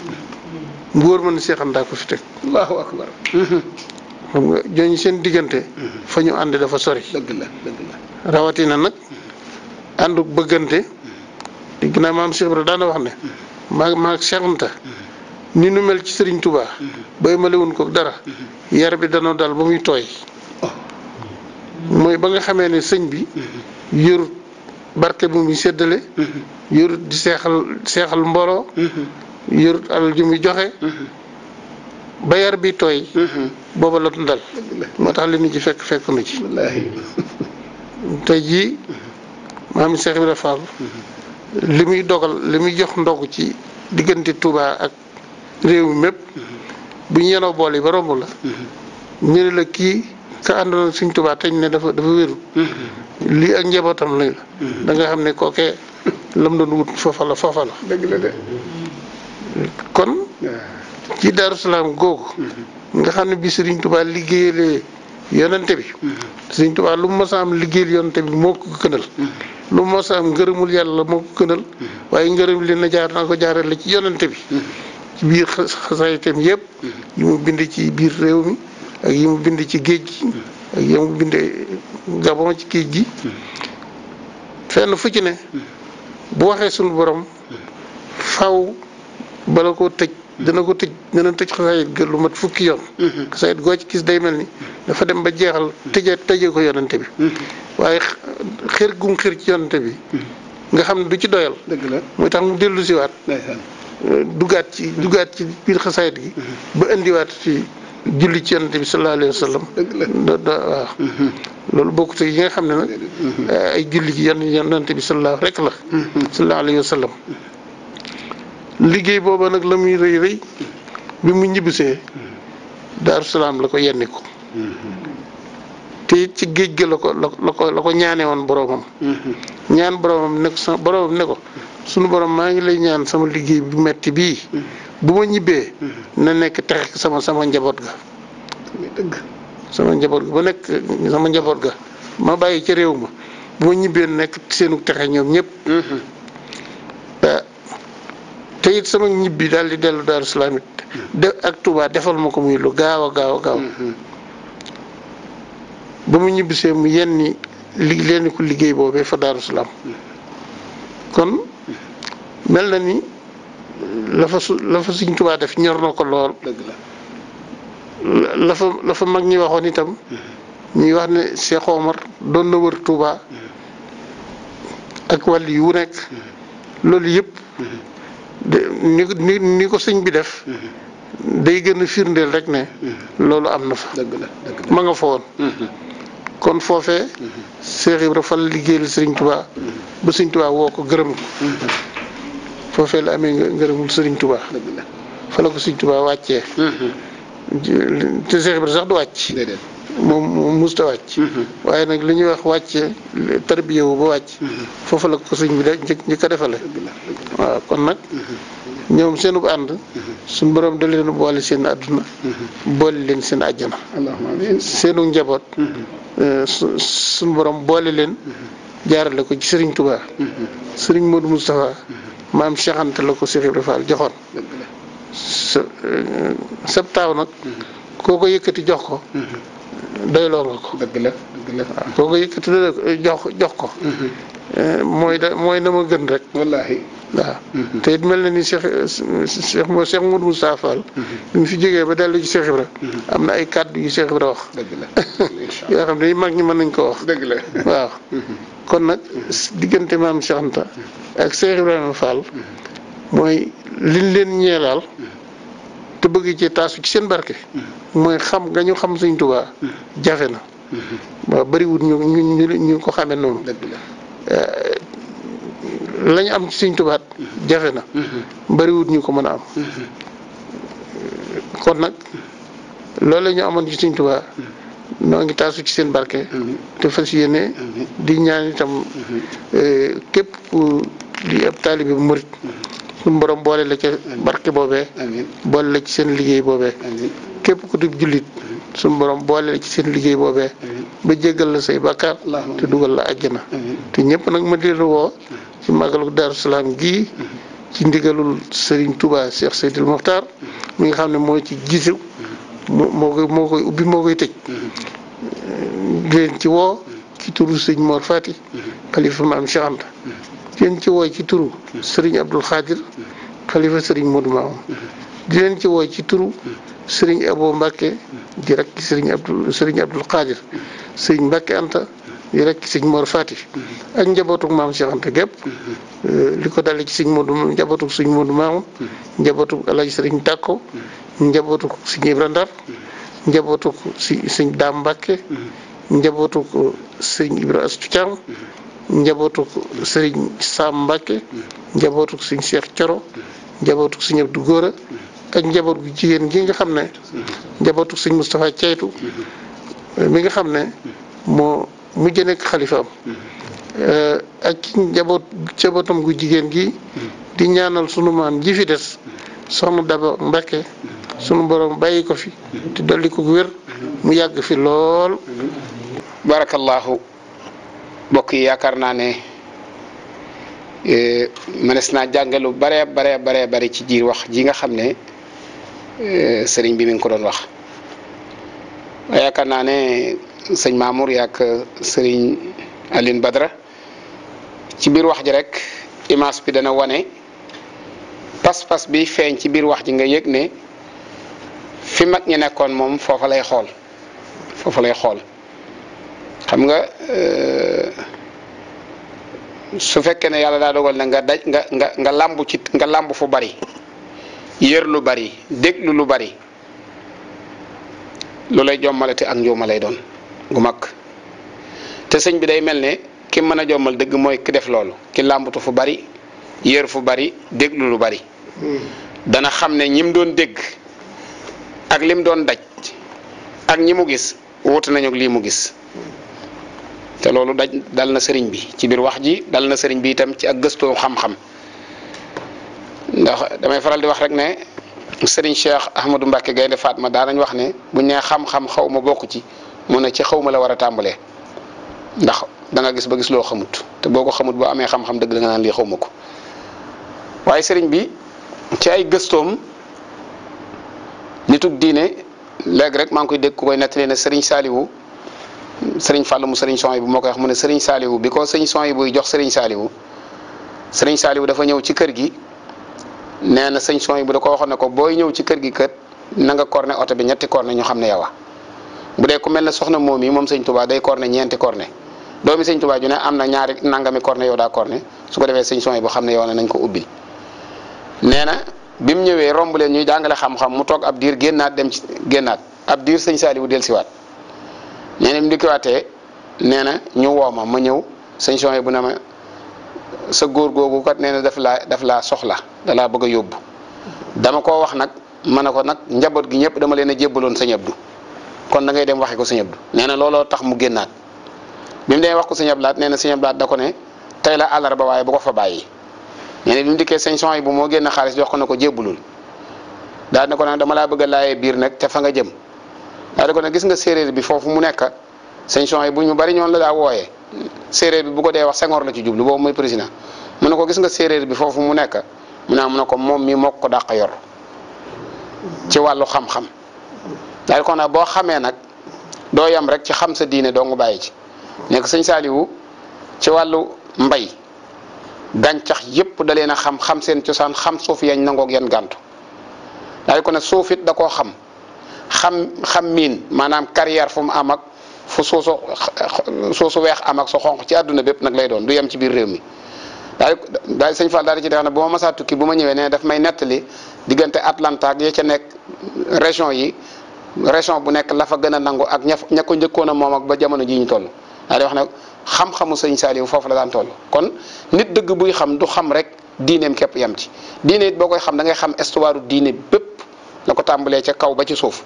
ma mën seexan daa ko fi teg allahu akbar xam nga ñooñu seen diggante fa ñu ànd dafa sori dëgg la dëgg la rawatina nag ànd bëggante di ginnaaw maam Cheikh Ibra daana wax ne maa maag Cheikh Anta ni nu mel ci Serigne Touba bay malewuñ ko dara yar bi danoo dal ba muy tooy mooy ba nga xamee ne sëñ bi yorut barke bu muy séddale yorut di seexal seexal mbooloo yorut alal ju muy joxe ba yar bi tooy booba la dal moo tax li nu ci fekk fekk nu ci tey jii maam Cheikh Ibrahima li muy dogal li muy jox ndog ci diggante tubaa ak réew mi mépp mhm. bu ñu yenoo bool yi ba romb la mhm. ñu ne la kii ka àndoon suñ tubaa teñ ne dafa dafa wéru mhm. lii ak njabootam la da nga xam ne kookee lam doon wut foofa la foofa la dëgg kon ci Daaru Salaam googu nga xam ne bi Sëriñ Touba liggéeyalee yonante bi Sëriñ Touba lu mu mës a am liggéeyal yonante bi moo ko gënal lu mos am ngërëmul yàlla moo ko gënal mm-hmm. waaye ngërëm li na jaar naa ko jaarale ci yonante bi mm-hmm. ci biir xasaytam yëpp mm-hmm. yi mu bind ci biir réew mi ak yi mu bind ci géej gi ak yi mu bind gabon ci géej gi fenn fu ci ne bu waxee suñu borom faw bala koo tëj dana ko tëj dana tëj xasaayit ga lu mat fukki yoon xasaayit goo ci gis day mel ni dafa dem ba jeexal tëje tëje ko yonante bi waaye xër gum xër ci yonent bi nga xam ne du ci doyal dëgg la muy tax mu dellu siwaat dugaat ci dugaat ci biir xasaayit gi ba indiwaat ci julli ci yonent bi sallallahu alayhi wa sallam mhm. yi nga xam ne mhm. ay julli ci bi sallallahu rek la sallallahu alayhi mhm. liggéey booba nag la muy rëy rëy bi mu ñibbisee daaru la ko yenni ko te ci géej gi la ko la ko la ko ñaane woon boromam mm-hmm. ñaan boromam ne ko boromam ne ko sunu borom maa ngi lay ñaan sama liggéey bu metti bii mm-hmm. bu ma ñibbee mm-hmm. na nekk texe sama sama njaboot ga sama njaboot ga ba nekk sama njaboot ga ma bàyyi ci réew ma bu ma ñibbee nekk seenu texe ñoom ñëpp ah, te it sama ñibbi daal di dellu daaru salaam it de ak tuba defal ma ko muy lu gaaw a gaaw a gaaw ba mu ñibbisee mu yenni li leen ko liggéey boobee fa Daaru Salaam kon mel na ni la fa su la fa Sëriñ def ñor na ko lool. lafa la mag ñi waxoon itam. ñuy wax ne Cheikh Omar doon na wër tuuba ak wàll yu nekk. loolu yëpp. ni ni ko sëñ bi def. day gën a firndeel rek ne. loolu am na fa. dëgg nga fa woon. Mm-hmm. kon foofee Cheikh Ibra fa la liggéeyal Serigne Touba ba Serigne Touba woo ko gërëm ko foofee la amee ngërëmul Serigne Touba fa la ko Serigne Touba wàccee te Cheikh Ibra sax du wàcc moom musta wàcc waaye nag li ñuy wax wàcce tarbiya wu ba wàcc foofu la ko sëñ bi da njëkk njëkk a defale waaw kon nag ñoom seenub ànd suñ borom da boole seen àdduna boole leen seen àjjana seenu njaboot mm-hmm. eh, suñ borom boole leen mm-hmm. jaarale ko ci Serigne Touba mm-hmm. Serigne Modou maam Cheikh ko Cheikh Ibrahima joxoon sa eh, taaw nag koo ko yëkkati jox ko doyloo nga ko dëgg la dëgg la ko eh, jox jox ko mooy da mooy na ma gën rek wallaahi waaw. te it mel na ni Cheikh Cheikh moo Cheikh Moudou Moussa Fall. Mhm. bi mu fi jógee ba dellu ci Cheikh Ibra. Mhm. am na ay kàddu yu Cheikh Ibra wax. dëgg la (laughs) yoo xam ne mag ñi mën nañ koo wax. dëgg la waaw. Mhm. kon nag diggante maam Cheikh Anta ak Cheikh Ibrahima Fall mooy liñ leen ñeelaal. te bëgg ci taasu ci seen barke. mooy xam nga ñu xam Sëñ Tuubaa jafe na. waaw bëriwul ñu ñu ñu ko xamee noonu. la am ci Sëriñ Tuubaa jafe na mm-hmm. bariwut ñu ko mën a am mm-hmm. kon nag loolu la ñu amoon ci Sëriñ Tuubaa mm-hmm. noo ngi taasu ci seen barke te fas yéene di ñaan itam eh, képp ku di ab taalibe bu murit suñu borom boole la ca barke boobee boole la ci seen liggéey boobe képp ku di jullit suñu borom boole la ci seen liggéey boobee ba jéggal la say bàkkaar te dugal la àjjana te ñëpp nag ma di leen woo ci màggalu Daaru Salaam gii ci ndigalul Serigne tubaa Cheikh Seydil Mokhtar mi nga xam ne moo ci gisu moo koy ubbi moo koy tëj leen ci woo ci turu sëñ Mor Fati xalifa maam Cheikh Anta leen ci woo ci turu sëriñ Abdoul Khadir xalifa Serigne Modou Maam di leen ci woo ci turu sëriñ Abo Mbacke di rek Serigne Abdoul Serigne Abdoul Khadir Anta yi rek sëñ Mor Fati ak njabootuk maam Cheikh Anta gépp euh, li ko dalee ci sëñ Moodu sëñ Moodu Maam njabootuk Alaaji Sëriñ Tàkko njabootuk sëñ Ibra njabootuk si sëñ Daam Mbàkke njabootuk euh, sëñ Ibra Astu Caam njabootuk sëriñ Saam sëñ Cheikh Coro njabootuk sëñ Abdu Góora ak njaboot gu jigéen gi nga xam ne njabootuk sëñ Moustapha Ceytu mi nga xam ne moo mu nekk xalifaam mm-hmm. eh, ak ci gu jigéen gi mm-hmm. di ñaanal sunu maam ji fi des mm-hmm. soxna Daba Mbacké sunu borom bàyyi ko fi te dolli ko wér mu yàgg fi lool. barakallahu mbokk yi yaakaar naa ne eh, mënees naa jàngalu bare bare bare bare ci jiir wax ji nga xam ne eh, sëriñ bi mi ngi ko doon wax yaakaar naa ne. sëñ Mamour yaak sëriñ Aline Badra ci biir wax ji rek image bi dana wane pas-pas bi feeñ ci biir wax ji nga yëg ne fi mag ñi nekkoon moom foofa lay xool foofa lay xool xam nga euh, su fekkee ne yàlla daa dogal na nga daj nga nga nga ci nga lamb fu bari yër lu bari déglu lu bari lu lay ak lay gu mag te sëñ bi day mel ne ki mën a jommal dëgg mooy ki def loolu ki làmbatu fu bari yër fu bari déglu lu bari hmm. dana xam ne ñim doon dégg ak lim doon daj ak ñi mu gis wuute nañu lii mu gis te loolu daj dal na sëriñ bi ci biir wax ji dal na sëriñ bi itam ci ak gëstoo xam-xam ndax damay faral di wax rek ne sëriñ Cheikh Ahmadou Mbacke Gaynde faat Fatma daanañ wax ne bu ñu nee xam-xam xaw ma bokk ci mu ne ci xawma la war a tàmbalee ndax da gis ba gis loo xamut te boo ko xamut boo amee xam-xam dëgg da nga naan lii xaw ma ko waaye sëriñ bi ci ay gëstoom nitug diine léegi rek maa ngi koy dégg ku koy nettali ne sëriñ Saliou sëriñ Fallou mu sëriñ Sohaybu moo koy wax mu ne sëriñ saaliwu bi ko sëriñ Sohaybu buy jox sëriñ Saliou sëriñ saaliwu dafa ñëw ci kër gi nee na sëriñ Sohaybu da ko waxoon ne ko booy ñëw ci kër gi kët na nga corné oto bi ñetti corné ñu xam ne yow bu dee ku mel ne soxna moom yi moom sëñ tubaa day corne ñeenti corne doomi sëñ tubaa ju ne am na ñaari nangami corne yow daa corne su ko defee sëñ son yi boo xam ne yow ne nañ ko ubbil nee na bi mu ñëwee romb leen ñuy jàngale xam-xam mu toog ab diir génnaat dem ci génnaat ab diir sëñ saaliwu dellusiwaat nee na mu dikkiwaatee nee na ñu woo ma ma ñëw sëñ son yi bu ne ma sa góor googu kat nee na daf laa daf laa soxla dalaa laa bëgg a yóbbu dama ko wax nag ma ne ko nag njaboot gi ñëpp dama leen a jébbaloon sëñ Abdou kon da ngay dem waxe ko sëñ Abdou neena na tax mu gennat bimu dem wax ko sëñ Abdou neena nee na Abdou da ko ne tay la ba waaye bu ko fa bàyyi neena bimu dikke mu dikkee bu mo genn xaliss jox ko ne ko jébbulul daal na ko na dama la bëgg a bir nak te fa nga jëm da ko gis nga bi fofu mu nekk bu ñu bari ñoon la da woyé séeréer bi bu ko de wax Senghor la ci jublu bo moy president mu ne ko gis nga bi fofu mu nekk mu na ah, mu ne ko moom mi mokko ko yor ci walu xam-xam dal ko na bo xamee nak do yam rek ci xam sa diine do nga bàyyi ci nek seigne saliwu ci walu mbay gàncax yépp da leen a xam xam seen cosaan xam suuf yañ ak yan gantu dal ko na suufit da ko xam xam xam min manam carrière fu mu am ak fu soso soso wex am ak so xonx ci aduna bepp nak lay doon du yam ci bir réew mi dal daal Fall dal ci def na buma ma tukki buma ñewé né daf may netali digënté Atlanta ak ya ca nek région yi région bu nekk la fa gën a nangu ak ña ña ko njëkkoon a moom ak ba jamono ji ñu toll daa wax ne xam-xamu sëñ Saaliw foofu la gaan toll kon nit dëgg buy xam du xam rek diineem kepp yam ci diine boo koy xam da xam histoire diine bépp la ko tàmbalee ca kaw ba ci suuf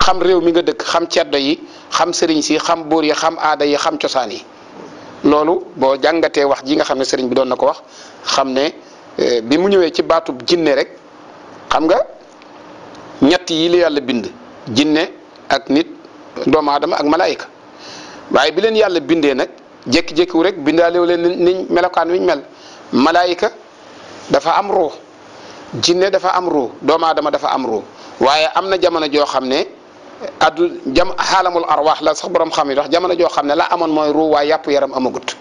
xam réew mi nga dëkk xam ceddo yi xam sëriñ si xam buur yi xam aada yi xam cosaan yi loolu boo jàngatee wax ji nga xam ne sëriñ bi doon na ko wax xam ne eh, bi mu ñëwee ci baatu jinne rek xam nga ñett yi la yàlla bind jinne ak nit doomu adama ak malaayika waaye bi leen yàlla bindee nag jékki-jékkiwu rek bindaalew leen niñ melokaan wiñ mel malaayika dafa am ruux jinne dafa am ruux doomu aadama dafa am ruux waaye am na jamono joo xam ne addu jam xaalamul arwaax la sax borom xam yi wax jamono joo xam ne la amoon mooy ruux waaye yàpp yaram amagut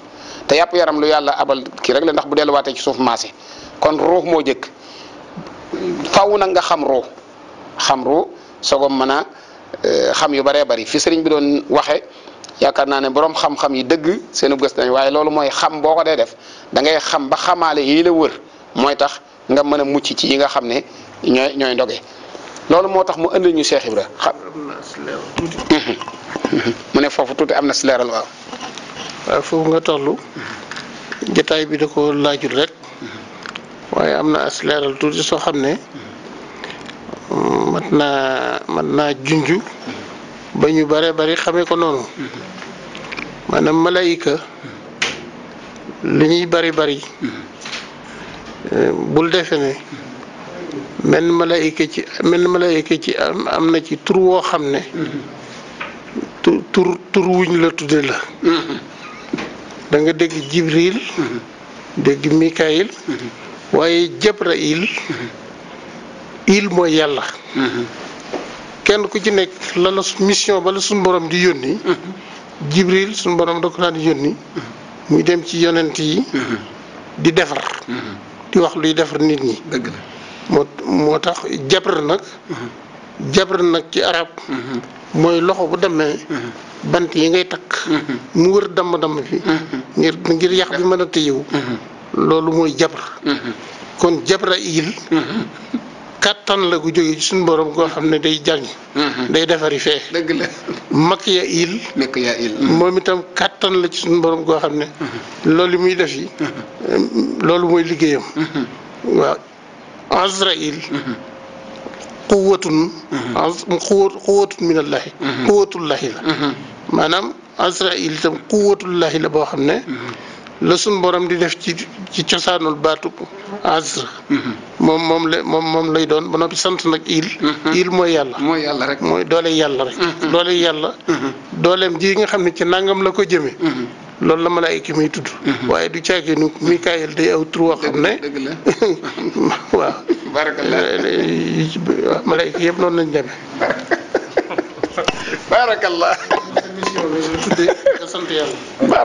te yàpp yaram lu yàlla abal kii rek la ndax bu delluwaatee ci suuf maase kon ruux moo jëkk faw nag nga xam ruux xam ruux soogam mën a eh, xam yu bëree bari fi sëriñ bi doon waxe yaakaar naa ne boroom xam-xam yi dëgg seenu gës nañ waaye loolu mooy xam boo ko dee def da ngay xam ba xamaale yi la wër mooy tax nga mën a mucc ci yi nga xam ne ñooy ñooy ndoge loolu moo tax mu ënd ñu Cheikh Ibra xam (laughs) ne foofu tuuti am na si leeral waaw. waaw foofu nga toll jotaay bi da ko laajul rek waaye am na as leeral tuuti soo xam ne. mat naa mat naa junj ba ñu bare bari xamee ko noonu maanaam malaayika li ñuy bari bari eh, bul defe ne menn malaayika ci menn malaayika ci am am na ci tur woo xam ne tur tur tur wuñ la tudde la da nga dégg jibril dégg mikaayil waaye jabrail il mooy yàlla. Mhm. kenn ku ci nekk la mission ba la suñu borom di yónni. Mhm. Jibril su borom da ko daan yónni. Mhm. muy dem ci yonent yi. di defar. di wax luy defar nit ñi. dëgg moo tax jabr nag. jabr nag ci arab. mooy loxo bu demee. bant yi ngay takk. mu wër damm-damm bi. ngir ngir yàq bi mën a loolu mooy jabr. kon jabra il. (laughs) kattan la gu jógee ci suñu borom goo xam ne day jàng. Mm-hmm. day defari fee. dëgg la makk ya il. moom itam kattan la ci suñ borom goo xam ne. Mm-hmm. loolu muy def yi. Mm-hmm. loolu mooy liggéeyam. waaw Azraïl. quwwatun. quwwatun minallahi. quwwatullahi la. maanaam Azraïl itam quwwatullahi la boo xam ne. la suñ borom di def ci ci cosaanul baatu asr moom moom la moom moom lay doon ba noppi sant nag il il mooy yàlla mooy yàlla rek mooy doole yàlla rek mm-hmm. yàlla mm-hmm. dooleem ji nga xam ne ci nangam la ko jëmee mm-hmm. loolu la malaayka muy tudd waaye du caagi nu Mikaayil day aw tur woo xam ne (laughs) waaw barakalla malaayka yëpp noonu lañ demee barakalla mission bi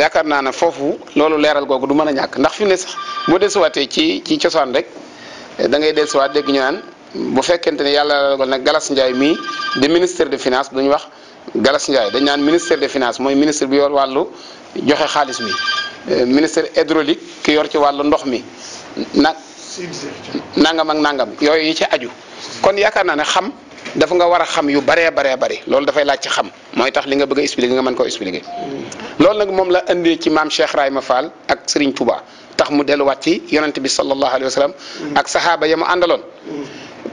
yaakaar naa ne foofu loolu leeral googu du mën a ñàkk ndax fi ne sax boo desuwaatee ci ci cosaan rek eh, da ngay desuwaat dégg ñu naan bu fekkente ne yàlla dogal nag Galas Ndiaye mii di ministre de finance duñu wax Galas dañ naan ministre de finance mooy ministre bi yor wàllu joxe xaalis mi eh, ministre hydraulique ki yor ci wàllu ndox mi nag nangam ak nangam yooyu yi ci aju kon yaakaar naa ne xam dafa nga war a xam yu baree baree bari loolu dafay laaj ci xam mooy tax li nga bëgg a nga mën koo expliquer hmm. loolu nag moom la indee ci maam Cheikh ma Fall ak sëriñ Touba tax mu delluwaat ci yonent bi sallallahu alayhi wa sallam hmm. ak saxaaba ya mu àndaloon hmm.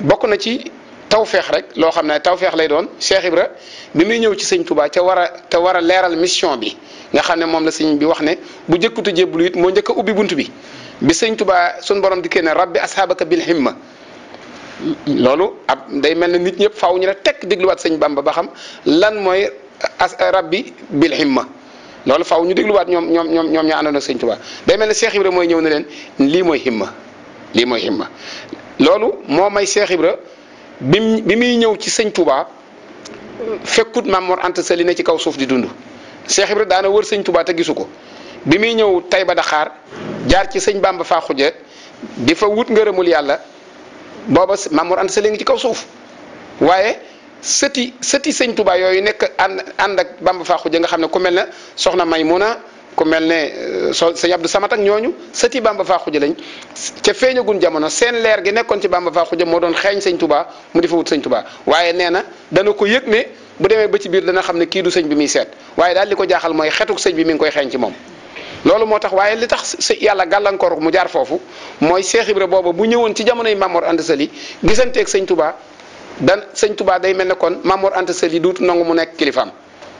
bokk na ci tawfeex rek loo xam ne tawfeex lay doon Cheikh rek bi muy ñëw ci sëñ Touba te war a te war a leeral mission bi nga xam ne moom la sëñ bi wax ne bu njëkkutu jébbalu it moo njëkk a ubbi bunt bi bi sëñ tubaa suñ borom di kee ne rabbi asxaabaka bil himma loolu ab day mel ne nit ñëpp faw ñu ne tekk dégluwaat sëñ bamba ba xam lan mooy as rabbi bil himma loolu faw ñu dégluwaat ñoom ñoom ñoom ñoom ñaa àndoon sëñ tubaa day mel ne Cheikh Ibra mooy ñëw na leen lii mooy himma lii mooy himma loolu moo may Cheikh Ibra bi bi muy ñëw ci sëñ tubaa fekkut Maam Mor Anta Sali na ci kaw suuf di dund Cheikh Ibra daana wër sëñ tubaa te gisu ko bi muy ñëw Tayba Daxaar jaar ci sëñ Bamba faa xuja di fa wut ngërëmul yàlla booba Mamour Anta Sali ngi ci kaw suuf waaye sëti sëti sëñ Touba yooyu nekk ànd ànd ak Bamba faa xuja nga xam ne ku mel ne soxna Maymuna ku mel ne euh, so sëñ Abdou Samat ak ñooñu sëti Bamba faa xuja lañ ca feeñagun jamono seen leer gi nekkoon ci Bamba faa xuja moo doon xeeñ sëñ Touba mu di fa wut sëñ Touba waaye nee na dana ko yëg ne bu demee ba ci biir dana xam ne kii du sëñ bi muy seet waaye daal li jaaxal mooy xetuk sëñ bi mi ngi koy xeeñ ci moom loolu moo tax waaye li tax si yàlla gàllankoor mu jaar foofu mooy Seex Ibra booba bu ñëwoon ci jamonoy Mamor Anta Sali gisanteeg sëñ Touba dan sëñ Touba day mel ne kon Mamor Anta Sali duut nangu mu nekk kilifaam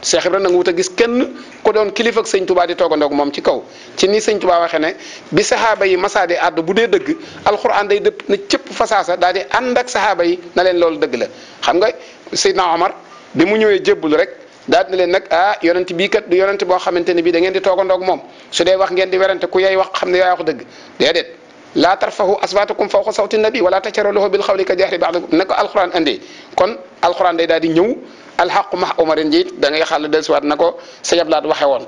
Seex Ibra nangu wut gis kenn ko doon kilifa ak sëñ Touba di toogandoog moom ci kaw ci ni sëñ Touba waxee ne bi saxaaba yi di àddu bu dee dëgg alxuraan day dëpp ne cëpp fasaasa daal di ànd ak saxaaba yi na leen loolu dëgg la xam nga Seydina Omar bi mu ñëwee jébbul rek. daal na leen nag ah yonent bii kat du yonent boo xamante ne bii da ngeen di toogandoog moom su dee wax ngeen di werante ku yay wax xam ne yaa wax dëgg déedéet la tarfahu aswaatakum fawqa sawti nabi wala tajarulahu bil xawli ka jahri ba'dikum na ko alquran andee kon alquran day daal di ñëw alxaqu max umarin ji da ngay xàll dellusiwaat na ko sa yablaat waxe woon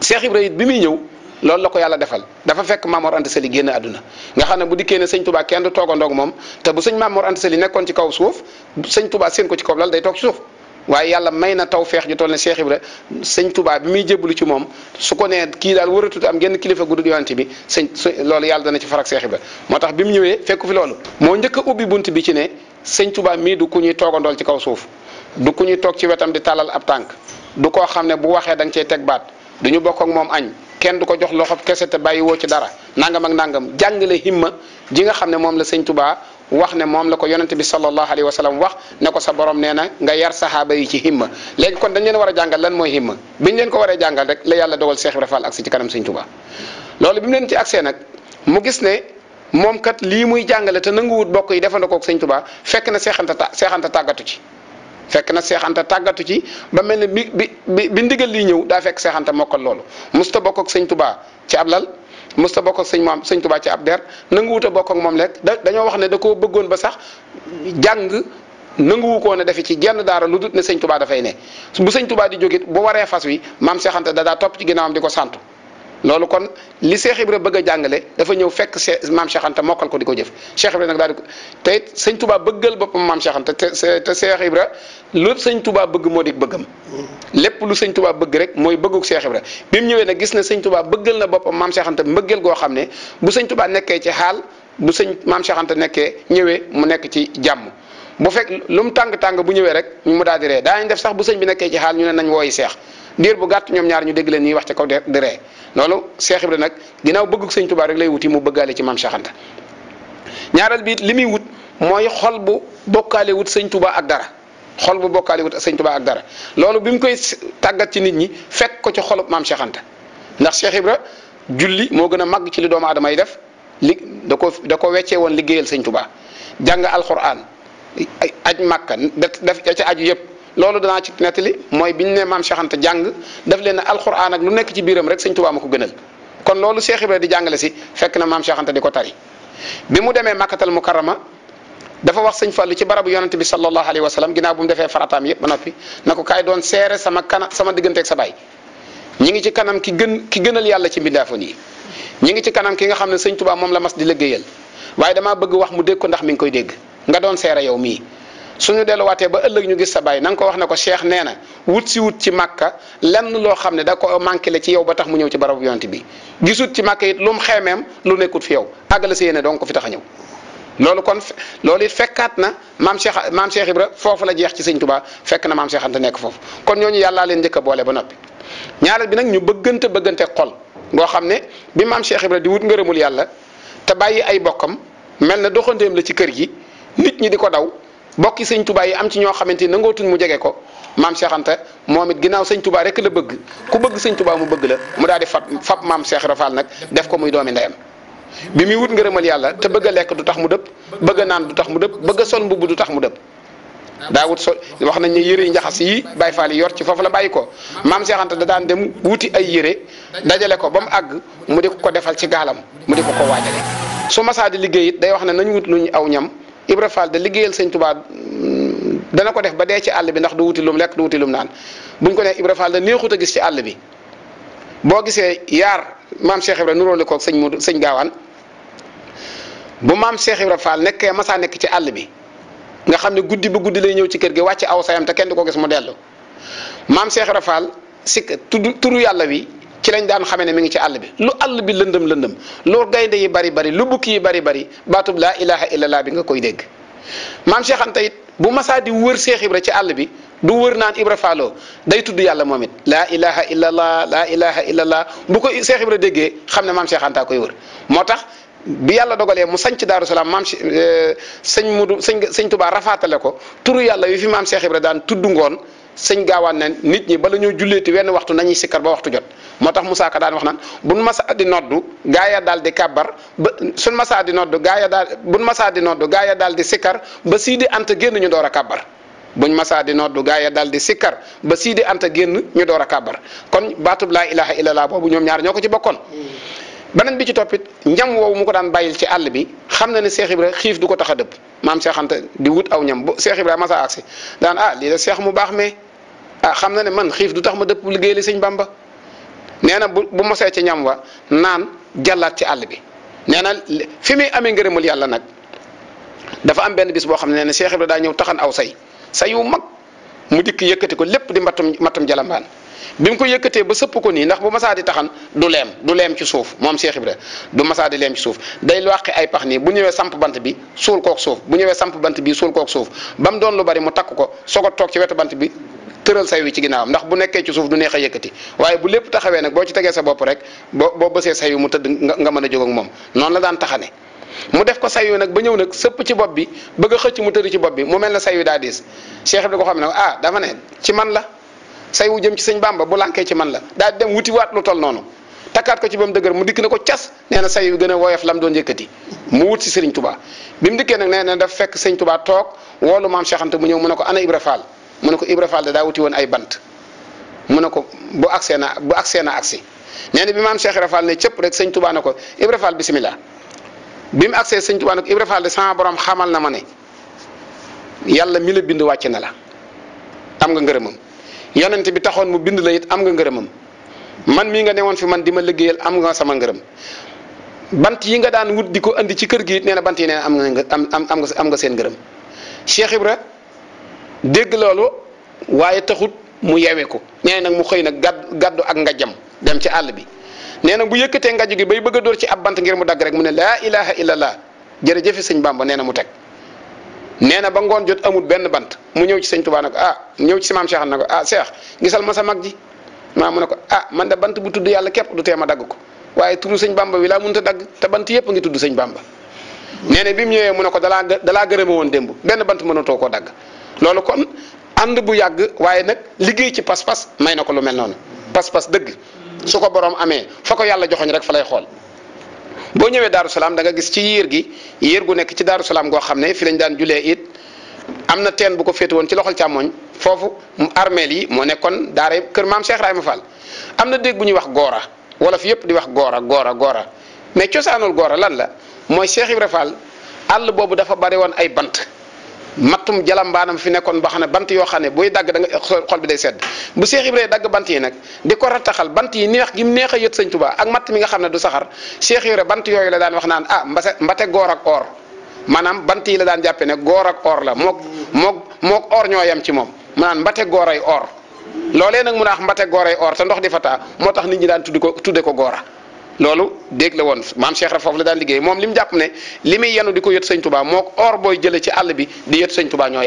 Cheikh Ibrahima bi muy ñëw loolu la ko yàlla defal dafa fekk Mamor Anta Sali génn àdduna nga xam ne bu dikkee ne sëñ Touba kenn du toogandoog moom te bu sëñ Mamor Anta Sali nekkoon ci kaw suuf sëñ Touba seen ko ci kaw lal day toog ci suuf waaye yàlla may na taw feex ju toll ne Cheikh Ibra sëñ Touba bi muy jébbalu ci moom su ko nee kii daal wëratut am genn kilifa guddul yonante bi sëñ loolu yàlla dana ci farak Cheikh Ibra moo tax bi mu ñëwee fekku fi loolu moo njëkk a ubbi bunt bi ci ne sëñ Touba mii du ku ñuy toogandool ci kaw suuf du ku ñuy toog ci wetam di tàllal ab tànk du koo xam ne bu waxee danga nga teg baat du ñu bokk ak moom añ kenn du ko jox loxob kese te bàyyi woo ci dara nangam ak nangam jàngale himma ji nga xam ne moom la sëñ Touba wax ne moom la ko yonente bi sallallahu alayhi wa sallam wax ne ko sa borom nee na nga yar sahaaba yi ci himma léegi kon dañ leen war a jàngal lan mooy himma biñ leen ko a jàngal rek la yàlla dogal Cheikh rafal ak si ci kanam Sëñ Tuubaa loolu bi mu leen ci agsee nag mu gis ne moom kat lii muy jàngale te nanguwut bokk yi defandoo koog Sëñ tuba fekk na seexanta ta seexanta tàggatu ci fekk na seexanta tàggatu ci ba mel ne bi bi bi ndigal lii ñëw daa fekk seexanta mokkal loolu musta bokk ak Sëñ Tuubaa ci ablal mës ta bokk sëñ maam sëñ Tuubaa ci ab der nanguwut a bokk ak moom lekk da dañoo wax ne da koo bëggoon ba sax jàng nanguwu koo ne defi ci genn daara lu dut ne sëñ Tuubaa dafay ne bu sëñ Tuubaa di jógit bu waree fas wi maam Seex da daa topp ci ginnaawam di ko santu loolu kon li Cheikh Ibra bëgg a jàngale dafa ñëw fekk Cheikh maam Cheikh mokkal ko di ko jëf Cheikh Ibra nag daal ko tey it sëñ Touba bëggal boppam maam Cheikh Anta te te Cheikh Ibra lu sëñ tubaa bëgg moo di bëggam. lépp lu sëñ Touba bëgg rek mooy bëgguk Cheikh Ibra bi mu ñëwee nag gis na sëñ Touba bëggal na boppam maam Cheikh Anta goo xam ne bu sëñ Touba nekkee ci xaal bu sëñ maam Cheikh Anta nekkee ñëwee mu nekk ci jàmm. bu fekk lu mu tàng tàng bu ñëwee rek mu daal di daa daañu def sax bu sëñ bi nekkee ci xaal ñu ne nañ wooyi seex diir bu gàtt ñoom ñaar ñu dégg leen ñuy wax ca kaw di ree loolu Cheikh Ibra nag ginaaw bëgg sëñ Tuubaa rek lay wuti mu bëggaale ci maam Cheikh Anta ñaareel bi it li muy wut mooy xol bu bokkaale wut sëñ tubaa ak dara xol bu bokkaale wut sëñ Tuubaa ak dara loolu bi mu koy tàggat ci nit ñi fekk ko ci xolub maam Cheikh ndax Cheikh Ibra julli moo gën a màgg ci li doomu aadama yi def li da ko da ko weccee woon liggéeyal sëñ tubaa jàng alxuraan aj màkka def ca aju yëpp loolu danaa ci nettali mooy bi ñu ne maam Cheikh Anta jàng def leen ne alxuraan ak lu nekk ci biiram rek sëñ Tuubaa ma ko gënal kon loolu Cheikh Ibrahima di jàngale si fekk na maam Cheikh di ko tari bi mu demee Makkatal Mukarrama dafa wax sëñ Fallu ci barabu yonante bi sallallahu alayhi wa sallam ginnaaw bu mu defee farataam yëpp ba noppi na ko kaay doon seere sama kana sama digganteeg sa baay ñi ngi ci kanam ki gën ki gënal yàlla ci mbindaafoon yi ñi ngi ci kanam ki nga xam ne sëñ Tuubaa moom la mas di liggéeyal waaye damaa bëgg wax mu dégg ko ndax mi ngi koy dégg nga doon seere yow mii suñu delu waté ba ëlëk ñu gis sa bay nang ko wax ne ko cheikh néna wut ci wut ci màkka lenn lo xamné da ko manké la ci yow ba tax mu ñëw ci barabu yonte bi gisut ci màkka it lum xémem lu nekkut fi yow àggale sa yene donc fi tax ñëw lolu kon lolu fekkat na mam cheikh mam cheikh ibra fofu la jeex ci seigne touba fekk na mam cheikh anta nekk fofu kon ñoñu yalla leen jëk boole ba nopi ñaaral bi nak ñu bëggante bëggante xol go xamne bi mam cheikh ibra di wut ngërëmul yàlla te bàyyi ay bokkam mel na la ci kër gi nit ñi diko daw bokki sëñ tubaa yi am ci ñoo xamante ni nangootuñ mu jege ko maam Cheikh moom it ginnaaw sëñ tubaa rek la bëgg ku bëgg sëñ tubaa mu bëgg la mu daal di fab fab maam Cheikh Rafal nag def ko muy doomi ndeyam bi muy wut ngërëmal yàlla te bëgg lekk du tax mu dëpp bëgg naan du tax mu dëpp bëgg a sol mbubb du tax mu dëpp daa wut so wax nañ ne yére yi njaxas yi bay Faal yi yor ci foofu la bàyyi ko maam Cheikh Anta da daan dem wuti ay yére dajale ko ba mu àgg mu di ko defal ci gaalam mu di ko masaa di liggéey day wax ne nañ wut luñ aw ñam Ibra Fall de liggéeyal sëñ Tuubaa mm, dana ko def ba dee ci àll bi ndax du wuti lum lekk du wuti lum naan buñ ko nee Ibra Fall de neexut a gis ci àll bi boo gisee yaar maam Cheikh Ibra nuróole koog sëñ Modou sëñ Gaawaan bu maam Cheikh Ibra Fall nekkee masaa nekk ci àll bi nga xam ne guddi ba guddi lay ñëw ci kër gi wàcc aw sayam te kenn du ko gis mu dellu maam Cheikh Ibra Fall si turu yàlla wi. ci lañ daan xamee ne mi ngi ci àll bi lu àll bi lëndëm lëndëm lu gaynde yi bari bari lu bukki yi bari bari baatub la ilaha illallah bi nga koy dégg maam Cheikh Anta bu masaa di wër Cheikh rek ci àll bi du wër naan Ibra Faalo day tudd yàlla moom it laa ilaha illallah laa ilaha illallah bu ko Cheikh rek déggee xam ne maam Cheikh koy wër moo tax bi yàlla dogalee mu sanc Daaru Salaam maam euh, sëñ Mudu sëñ sëñ Tubaa rafaatale ko turu yàlla wi fi maam Cheikh Ibra daan tudd ngoon sëñ gaawaan na nit ñi bala ñoo julleeti wenn waxtu nañuy sikkar ba waxtu jot moo tax Moussa Ka daan wax naan buñ masa di noddu gaa ya daal di kàbbar ba suñ masa di noddu gaa ya daal buñ masa di noddu gaa daal di sikkar ba sii di anta génn ñu door a kabar buñ masaa di noddu gaa ya daal di sikkar ba sii di génn ñu door a kàbbar kon baatub laa ilaha illallah boobu ñoom ñaar ñoo ko ci bokkoon hmm. beneen bi ci toppit ñam woowu mu ko daan bàyyil ci àll bi xam na ne Cheikh rek xiif du ko tax a dëpp maam Cheikh di wut aw ñam bo bu Cheikh a masa agsi daan ah lii da seex mu baax mais ah xam na ne man xiif du tax ma dëpp liggéey li sëñ Bamba nee na bu bu mosee ci ñam wa naan jàllaat ci àll bi nee na fi muy amee ngërëmul yàlla nag dafa am benn bis boo xam ne nee na Cheikh Ibra daa ñëw taxan aw say say wu mag mu dikk yëkkati ko lépp di matum matum jalambaan bi mu ko yëkkatee ba sëpp ko nii ndax bu masaa di taxan du leem du leem ci suuf moom Cheikh Ibra du masaa di leem ci suuf day wàqi ay pax nii bu ñëwee samp bant bi suul kook suuf bu ñëwee samp bant bi suul kook suuf ba mu doon lu bari mu takk ko soog a toog ci wetu bant bi tëral say wi ci ginnaawam ndax bu nekkee ci suuf du neex a yëkkati waaye bu lépp taxawee nag boo ci tegee sa bopp rek boo boo bësee say wi mu tëdd nga mën a jóg ak moom noonu la daan taxane mu def ko sayu nag ba ñëw nag sëpp ci bopp bi bëgg a xëcc mu tëdd ci bopp bi mu mel na sayu daa diis cheikh bi da ko xam ne ah dama ne ci man la sayu jëm ci sëñ bàmba bu lànkee ci man la daal dem wuti waat lu tol noonu takkaat ko ci ba mu dëgër mu dikk na ko cas nee na sayu gën a woyof lam doon yëkkati mu wut si sëriñ tubaa bi mu dikkee nag nee na daf fekk sëñ tubaa toog woolu maam Cheikh Anta mu ñëw mu ne ko ana Ibra Fall mu ne ko Ibra Fall daa wuti woon ay bant mu ne ko bu agsee na bu agsee na agsi nee na bi maam Cheikh Ibra ne cëpp rek sëñ Touba ko Ibra Fall bisimilah bi mu agsee sëñ Touba ne ko Ibra Fall de sama borom xamal na ma ne yàlla mi la bind wàcc na la am nga ngërëmam yonent bi taxoon mu bind la it am nga ngërëmam man mii nga newoon fi man di ma liggéeyal am nga sama ngërëm bant yi nga daan wut di ko indi ci kër gi it nee na bant yi nee na am nga am am nga am nga seen ngërëm dégg loolu waaye taxut mu yewe ko nee nag mu xëy nag gàdd gàddu ak ngajam dem ci àll bi nee na bu yëkkatee ngaju gi bay bëgg a dóor ci ab bant ngir mu dagg rek mu ne laa ilaha illallah jërëjëfe sëñ Bamba nee na mu teg nee na ba ngoon jot amul benn bant mu ñëw ci sëñ Tuubaa ne ah ñëw ci si maam Cheikh na ko ah Cheikh ma sa mag ji maa mu ne ko ah man de bant bu tudd yàlla képp du ma dagg ko waaye turu sëñ Bamba wi laa mënut a dagg te yëpp a tudd sëñ Bamba nee na bi mu ñëwee mu ne ko dalaa dalaa gërëma woon démb benn bant mënatoo koo dagg loolu kon ànd bu yàgg waaye nag liggéey ci pas-pas may na ko lu mel noonu pas-pas dëgg su ko borom amee fa ko yàlla joxoñ rek fa lay xool boo ñëwee Daaru Salaam da nga gis ci yéer gi yéer gu nekk ci Daaru Salaam goo xam ne fi lañ daan julee it am na teen bu ko féete woon ci loxol càmmoñ foofu armeel yi moo nekkoon daara kër maam Cheikh Rahima Fall am na dégg bu ñuy wax goora wolof yëpp di wax goora goora goora mais cosaanul goora lan la mooy Cheikh Ibra Fall àll boobu dafa bari woon ay bant. mattum jalambaanam fi nekkoon boo xam ne bant yoo xam ne buy dagg da nga bi day sedd bu Cheikh dagg bant yi nag di ko rattaxal bant yi neex gi mu neex a yët sëñ Tuubaa ak matt mi nga xam ne du saxaar Cheikh re bant yooyu la daan wax naan ah mbate góor ak or maanaam bant yi la daan jàppe ne góor ak or la moog moog moog or ñoo yam ci moom mu naan mbate góoray or loolee nag mun a wax mbate góoray or te ndox di fa taa moo tax nit ñi daan tuddi ko tudde ko góora loolu dégg woon maam Cheikh Rafal foofu la daan liggéey moom li mu jàpp ne li muy yenu di ko yët sëñ Touba moo or booy jëlee ci àll bi di yët sëñ Touba ñoo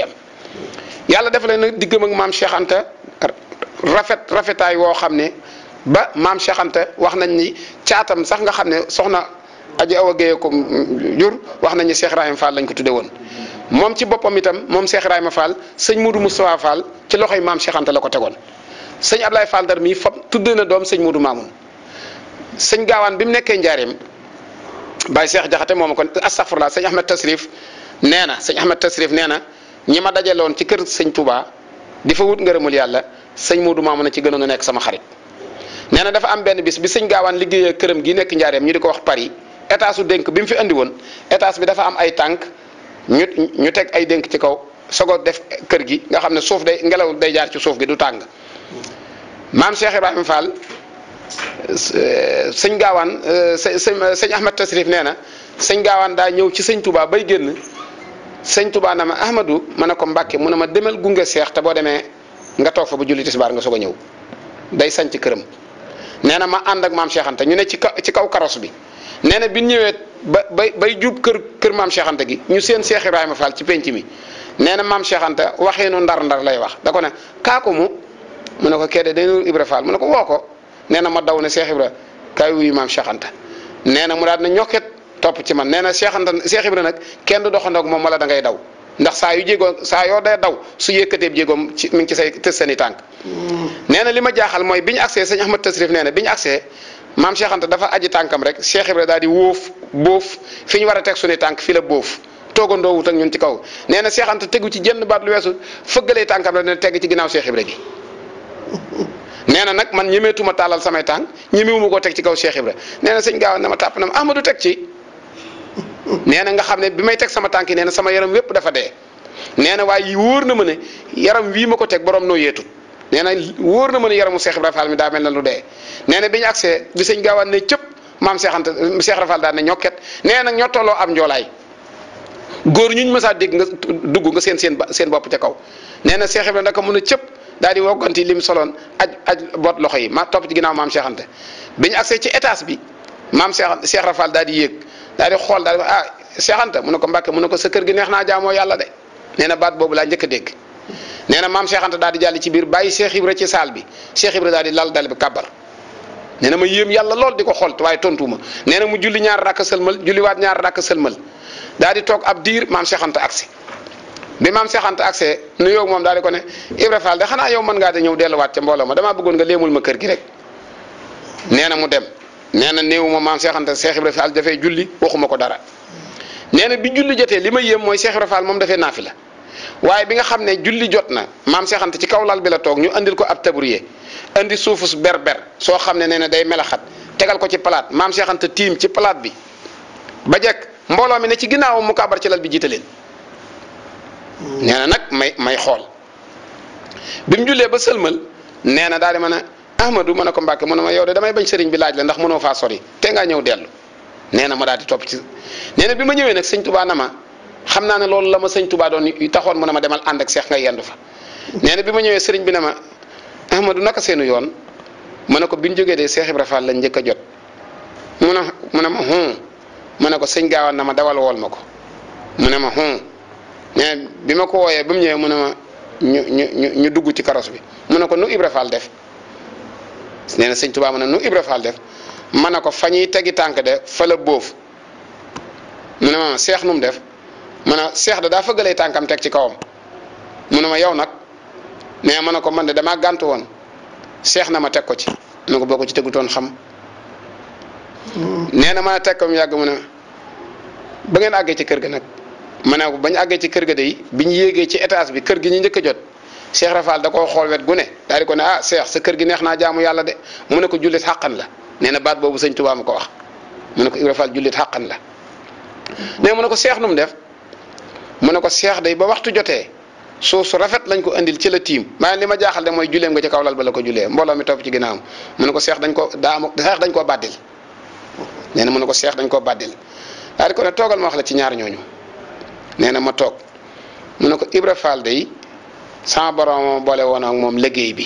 def leen nag diggam ak maam Cheikh Anta rafet rafetaay woo xam ne ba maam Cheikh wax nañ ni caatam sax nga xam ne soxna aji awa jur wax nañ ni Cheikh lañ ko tuddee woon. moom ci boppam itam moom Cheikh Rahima Fall sëñ Moudou Moustapha Fall ci loxoy maam Cheikh la ko tegoon sëñ Ablaye Fall dar mii fab tudde na doom sëñ Moudou Mamoun sëñ gaawaan bi mu nekkee njaareem Baye Cheikh Jaxate moom kon astafurla sëñ Ahmed Tasrif nee na sëñ Ahmed Tasrif nee na ñi ma dajaloon ci kër sëñ Touba di fa wut ngërëmul yàlla sëñ Moodu Maamu na ci gënoon a nekk sama xarit. nee na dafa am benn bis bi sëñ gaawaan liggéeyee këram gi nekk njaareem ñu di ko wax Paris état su dénk bi mu fi andi woon état bi dafa am ay tànk ñu ñu teg ay dénk ci kaw sogo def kër gi nga xam ne suuf day ngelaw day jaar ci suuf gi du tàng maam Cheikh Ibrahima Fall. señ gawan señ ahmad tasrif neena señ gawan da ñew ci señ touba bay genn señ touba na ma ahmadou manako mbacke mu ne ma demel gunge cheikh ta bo demee nga tok fa bu julli tisbar nga soga ñew day sanc kërëm neena ma and ak mam Cheikh ñu ne ci ci kaw karos bi neena bi ñewé bay bay jup kër kër mam Cheikh gi ñu seen Cheikh Ibrahima Fall ci penc mi neena mam maam waxé ndar ndar lay wax da ko ne kaaku mu mu ne ko kedde dañu Ibra Fall mu ne ko woko nee na ma daw ne Cheikh Ibra kaay wuyu maam Cheikh Anta nee na mu daal ne ñokket topp ci man nee na Cheikh Anta Cheikh Ibra nag kenn du doxandoog moom wala da ngay daw ndax saa yu jéego saa yoo day daw su yëkkateeb jéegoom ci mi ngi ci say tës seen i tànk. nee na li ma jaaxal mooy bi ñu agsee sëñ Ahmad Tasrif nee na bi ñu agsee maam Cheikh dafa aji tànkam rek Cheikh Ibra daal di wóof bóof fi ñu war a teg suñu tànk fii la bóof. toogandoo wut ak ñun ci kaw nee na Cheikh tegu ci jënn baat lu weesu fëggalee tànkam la teg ci ginnaaw Cheikh Ibra nee na nag man ñemeetuma tàllal samay tànk ñemewuma koo teg ci kaw Cheikh Ibra nee na sëñ Gaawaan na tàpp na ma Ahmadou teg ci nee na nga xam ne bi may teg sama tànk yi nee na sama yaram wépp dafa dee nee na waaye wóor na ma ne yaram wii ma ko teg borom noo yeetut nee na wóor na ma ne yaramu Cheikh Ibra Fall mi daa mel na lu dee nee na bi ñu agsee bi sëñ Gaawaan ne maam Cheikh Anta Cheikh Ibra ne ñokket nee na ñoo tolloo am njoolaay góor ñuñ mësaa dégg nga dugg nga seen seen seen bopp ca kaw nee na Cheikh Ibra naka mën a cëpp daal di wogganti lim solon aj aj bot loxo yi ma top ci ginaaw maam cheikhante biñu accès ci étage bi maam Cheikh Cheikh Rafal daal di yéeg daal di xool daal di ah cheikhante Anta mu ne ko Mbàkke mu ne ko sa kër gi neex naa jaamoo yàlla de nee na baat boobu laa njëkk a dégg nee na maam Cheikh daal di jàll ci biir bàyyi Cheikh Ibra ci salle bi Cheikh Ibra daal di lal dal bi kàbbar nee na ma yéem yàlla lool di ko xool waaye tontuuma nee na mu julli ñaar rakk sëlmal waat ñaar rakk sëlmal daal di toog ab diir maam cheikhante accès bi maam Cheikh Anta accès nuyoo moom daal di ko ne Ibra Fall de xanaa yow mën ngaa de ñëw delluwaat ca mbooloo ma dama bëggoon nga léemul ma kër gi rek nee na mu dem nee na néewu maam Cheikh Anta Cheikh Ibra Fall dafay julli waxuma ko dara nee na bi julli jotee li ma yéem mooy Cheikh Ibra Fall moom dafay naafi la waaye bi nga xam ne julli jot na maam Cheikh Anta ci kaw lal bi la toog ñu andil ko ab tabourier andi suufus berber soo xam ne nee na day melaxat tegal ko ci palaat maam Cheikh Anta tiim ci palaat bi ba jekk mbooloo mi ne ci ginnaaw mu kaabar ci lal bi jiite nee nag may may xool bi mu jullee ba sëlmal nee na daal di man a Ahmadu mën a ko Mbàkke mu ne ma yow de damay bañ sëriñ bi laaj la ndax mënoo faa sori te ngaa ñëw dellu nee na ma daal di topp ci nee bi ma ñëwee nag sëñ na ma xam naa ne loolu la ma sëñ Tuubaa doon taxoon mu ne ma demal ànd ak seex nga yendu fa nee bi ma ñëwee sëriñ bi ne ma Ahmadu naka seenu yoon ma ne ko bi ñu jógee de Seex Ibra Faal lañ njëkk jot mu ne mu ne ne ko sëñ gaawaan na ma dawal wool ma ko mu ne ma hum mais bi ma ko wooyee ba mu ñëwee mu ne ma ñu ñu ñu dugg ci karos bi mu ne ko nu Ibra Fall def nee na sëñ Tuubaa mu ne nu Ibra Fall def ma ne ko fa ñuy teggi tànk de fa la boof mu ne ma seex nu mu def ma ne seex da daa fëggalee tànkam teg ci kawam mu ne ma yow nag nee ma ne ko man de damaa gàntu woon seex na ma teg ko ci mu ko boo ko ci tegutoon xam. Mm. nee na ma teg ko yàgg mu ne ba ngeen àggee ci kër ga nag. ma ne ko bañ àggee ci kër ga day bi ñu yéegee ci étage bi kër gi ñu njëkk a jot Cheikh Rafal da koo xool wet gu ne ko ne ah Cheikh sa kër gi neex naa jaamu yàlla de mu ne ko jullit xàqan la nee na baat boobu sëñ Tuubaa ma ko wax mu ne ko Ibra Fall xàqan la. nee mu ne ko Cheikh nu mu def mu ne ko Cheikh day ba waxtu jotee suuf su rafet lañ ko andil ci la tiim maanaam li ma jaaxal de mooy julleem nga ci kaw lal ba la ko jullee mbooloo mi topp ci ginnaawam mun ne ko Cheikh dañ ko daa am Cheikh dañ koo bàddil nee na mu ne ko Cheikh dañ koo bàddil daal di ko ne toogal ma wax la ci ñaar ñooñu nee ma toog mu ne ko Ibra Fall day sama borom boole woon ak moom liggéey bi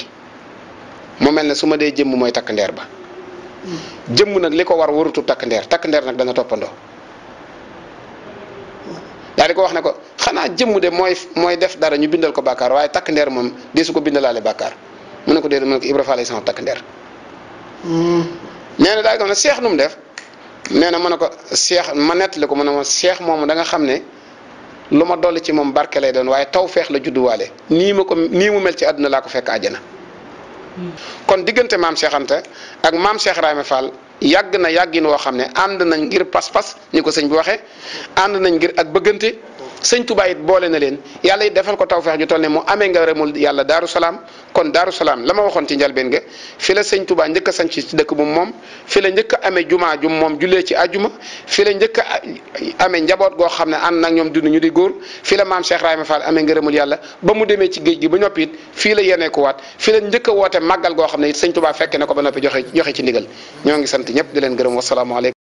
mu mel ne su ma dee jëmm mooy takk ndeer ba jëmm nag li ko war warutu takk ndeer takk ndeer nag dana toppandoo daal di ko wax ne ko xanaa jëmm de mooy mooy def dara ñu bindal ko bàkkaar waaye takk ndeer moom di su ko bindalaale bàkkaar mu ne ko déedéet mu ne ko Ibra Fall sama takk ndeer nee na daal di ko ne seex nu mu def nee na ma ne ko seex ma nettali ko ma ne ma da nga xam lu ma dolli ci moom barke lay doon waaye taw feex la judduwaale nii ma ko nii mu mel ci àdduna laa ko fekk àjjana. kon diggante maam Cheikh ak maam Cheikh Rahma Fall yàgg na yàggin woo xam ne ànd nañ ngir pas-pas ni ko sëñ bi waxee ànd nañ ngir ak bëggante. sëñ Tuubaa it boole na leen yàlla it defal ko tawfeex ju toll ne mu amee nga remul yàlla daaru salaam kon daaru salaam la ma waxoon ci njalbeen ga fi la sëñ Tuubaa njëkk a sanc ci dëkk bu moom fi la njëkk a amee jumaa ju moom jullee ci ajuma fi la njëkk a amee njaboot goo xam ne ànd nag ñoom dund ñu di góor fi la maam Cheikh Rahima Fall amee nga remul yàlla ba mu demee ci géej gi ba noppi it fii la yeneekuwaat fii la njëkk a woote màggal goo xam ne it sëñ Tuubaa fekke na ko ba noppi joxe joxe ci ndigal ñoo ngi sant ñëpp di leen gërëm wasalaamaaleykum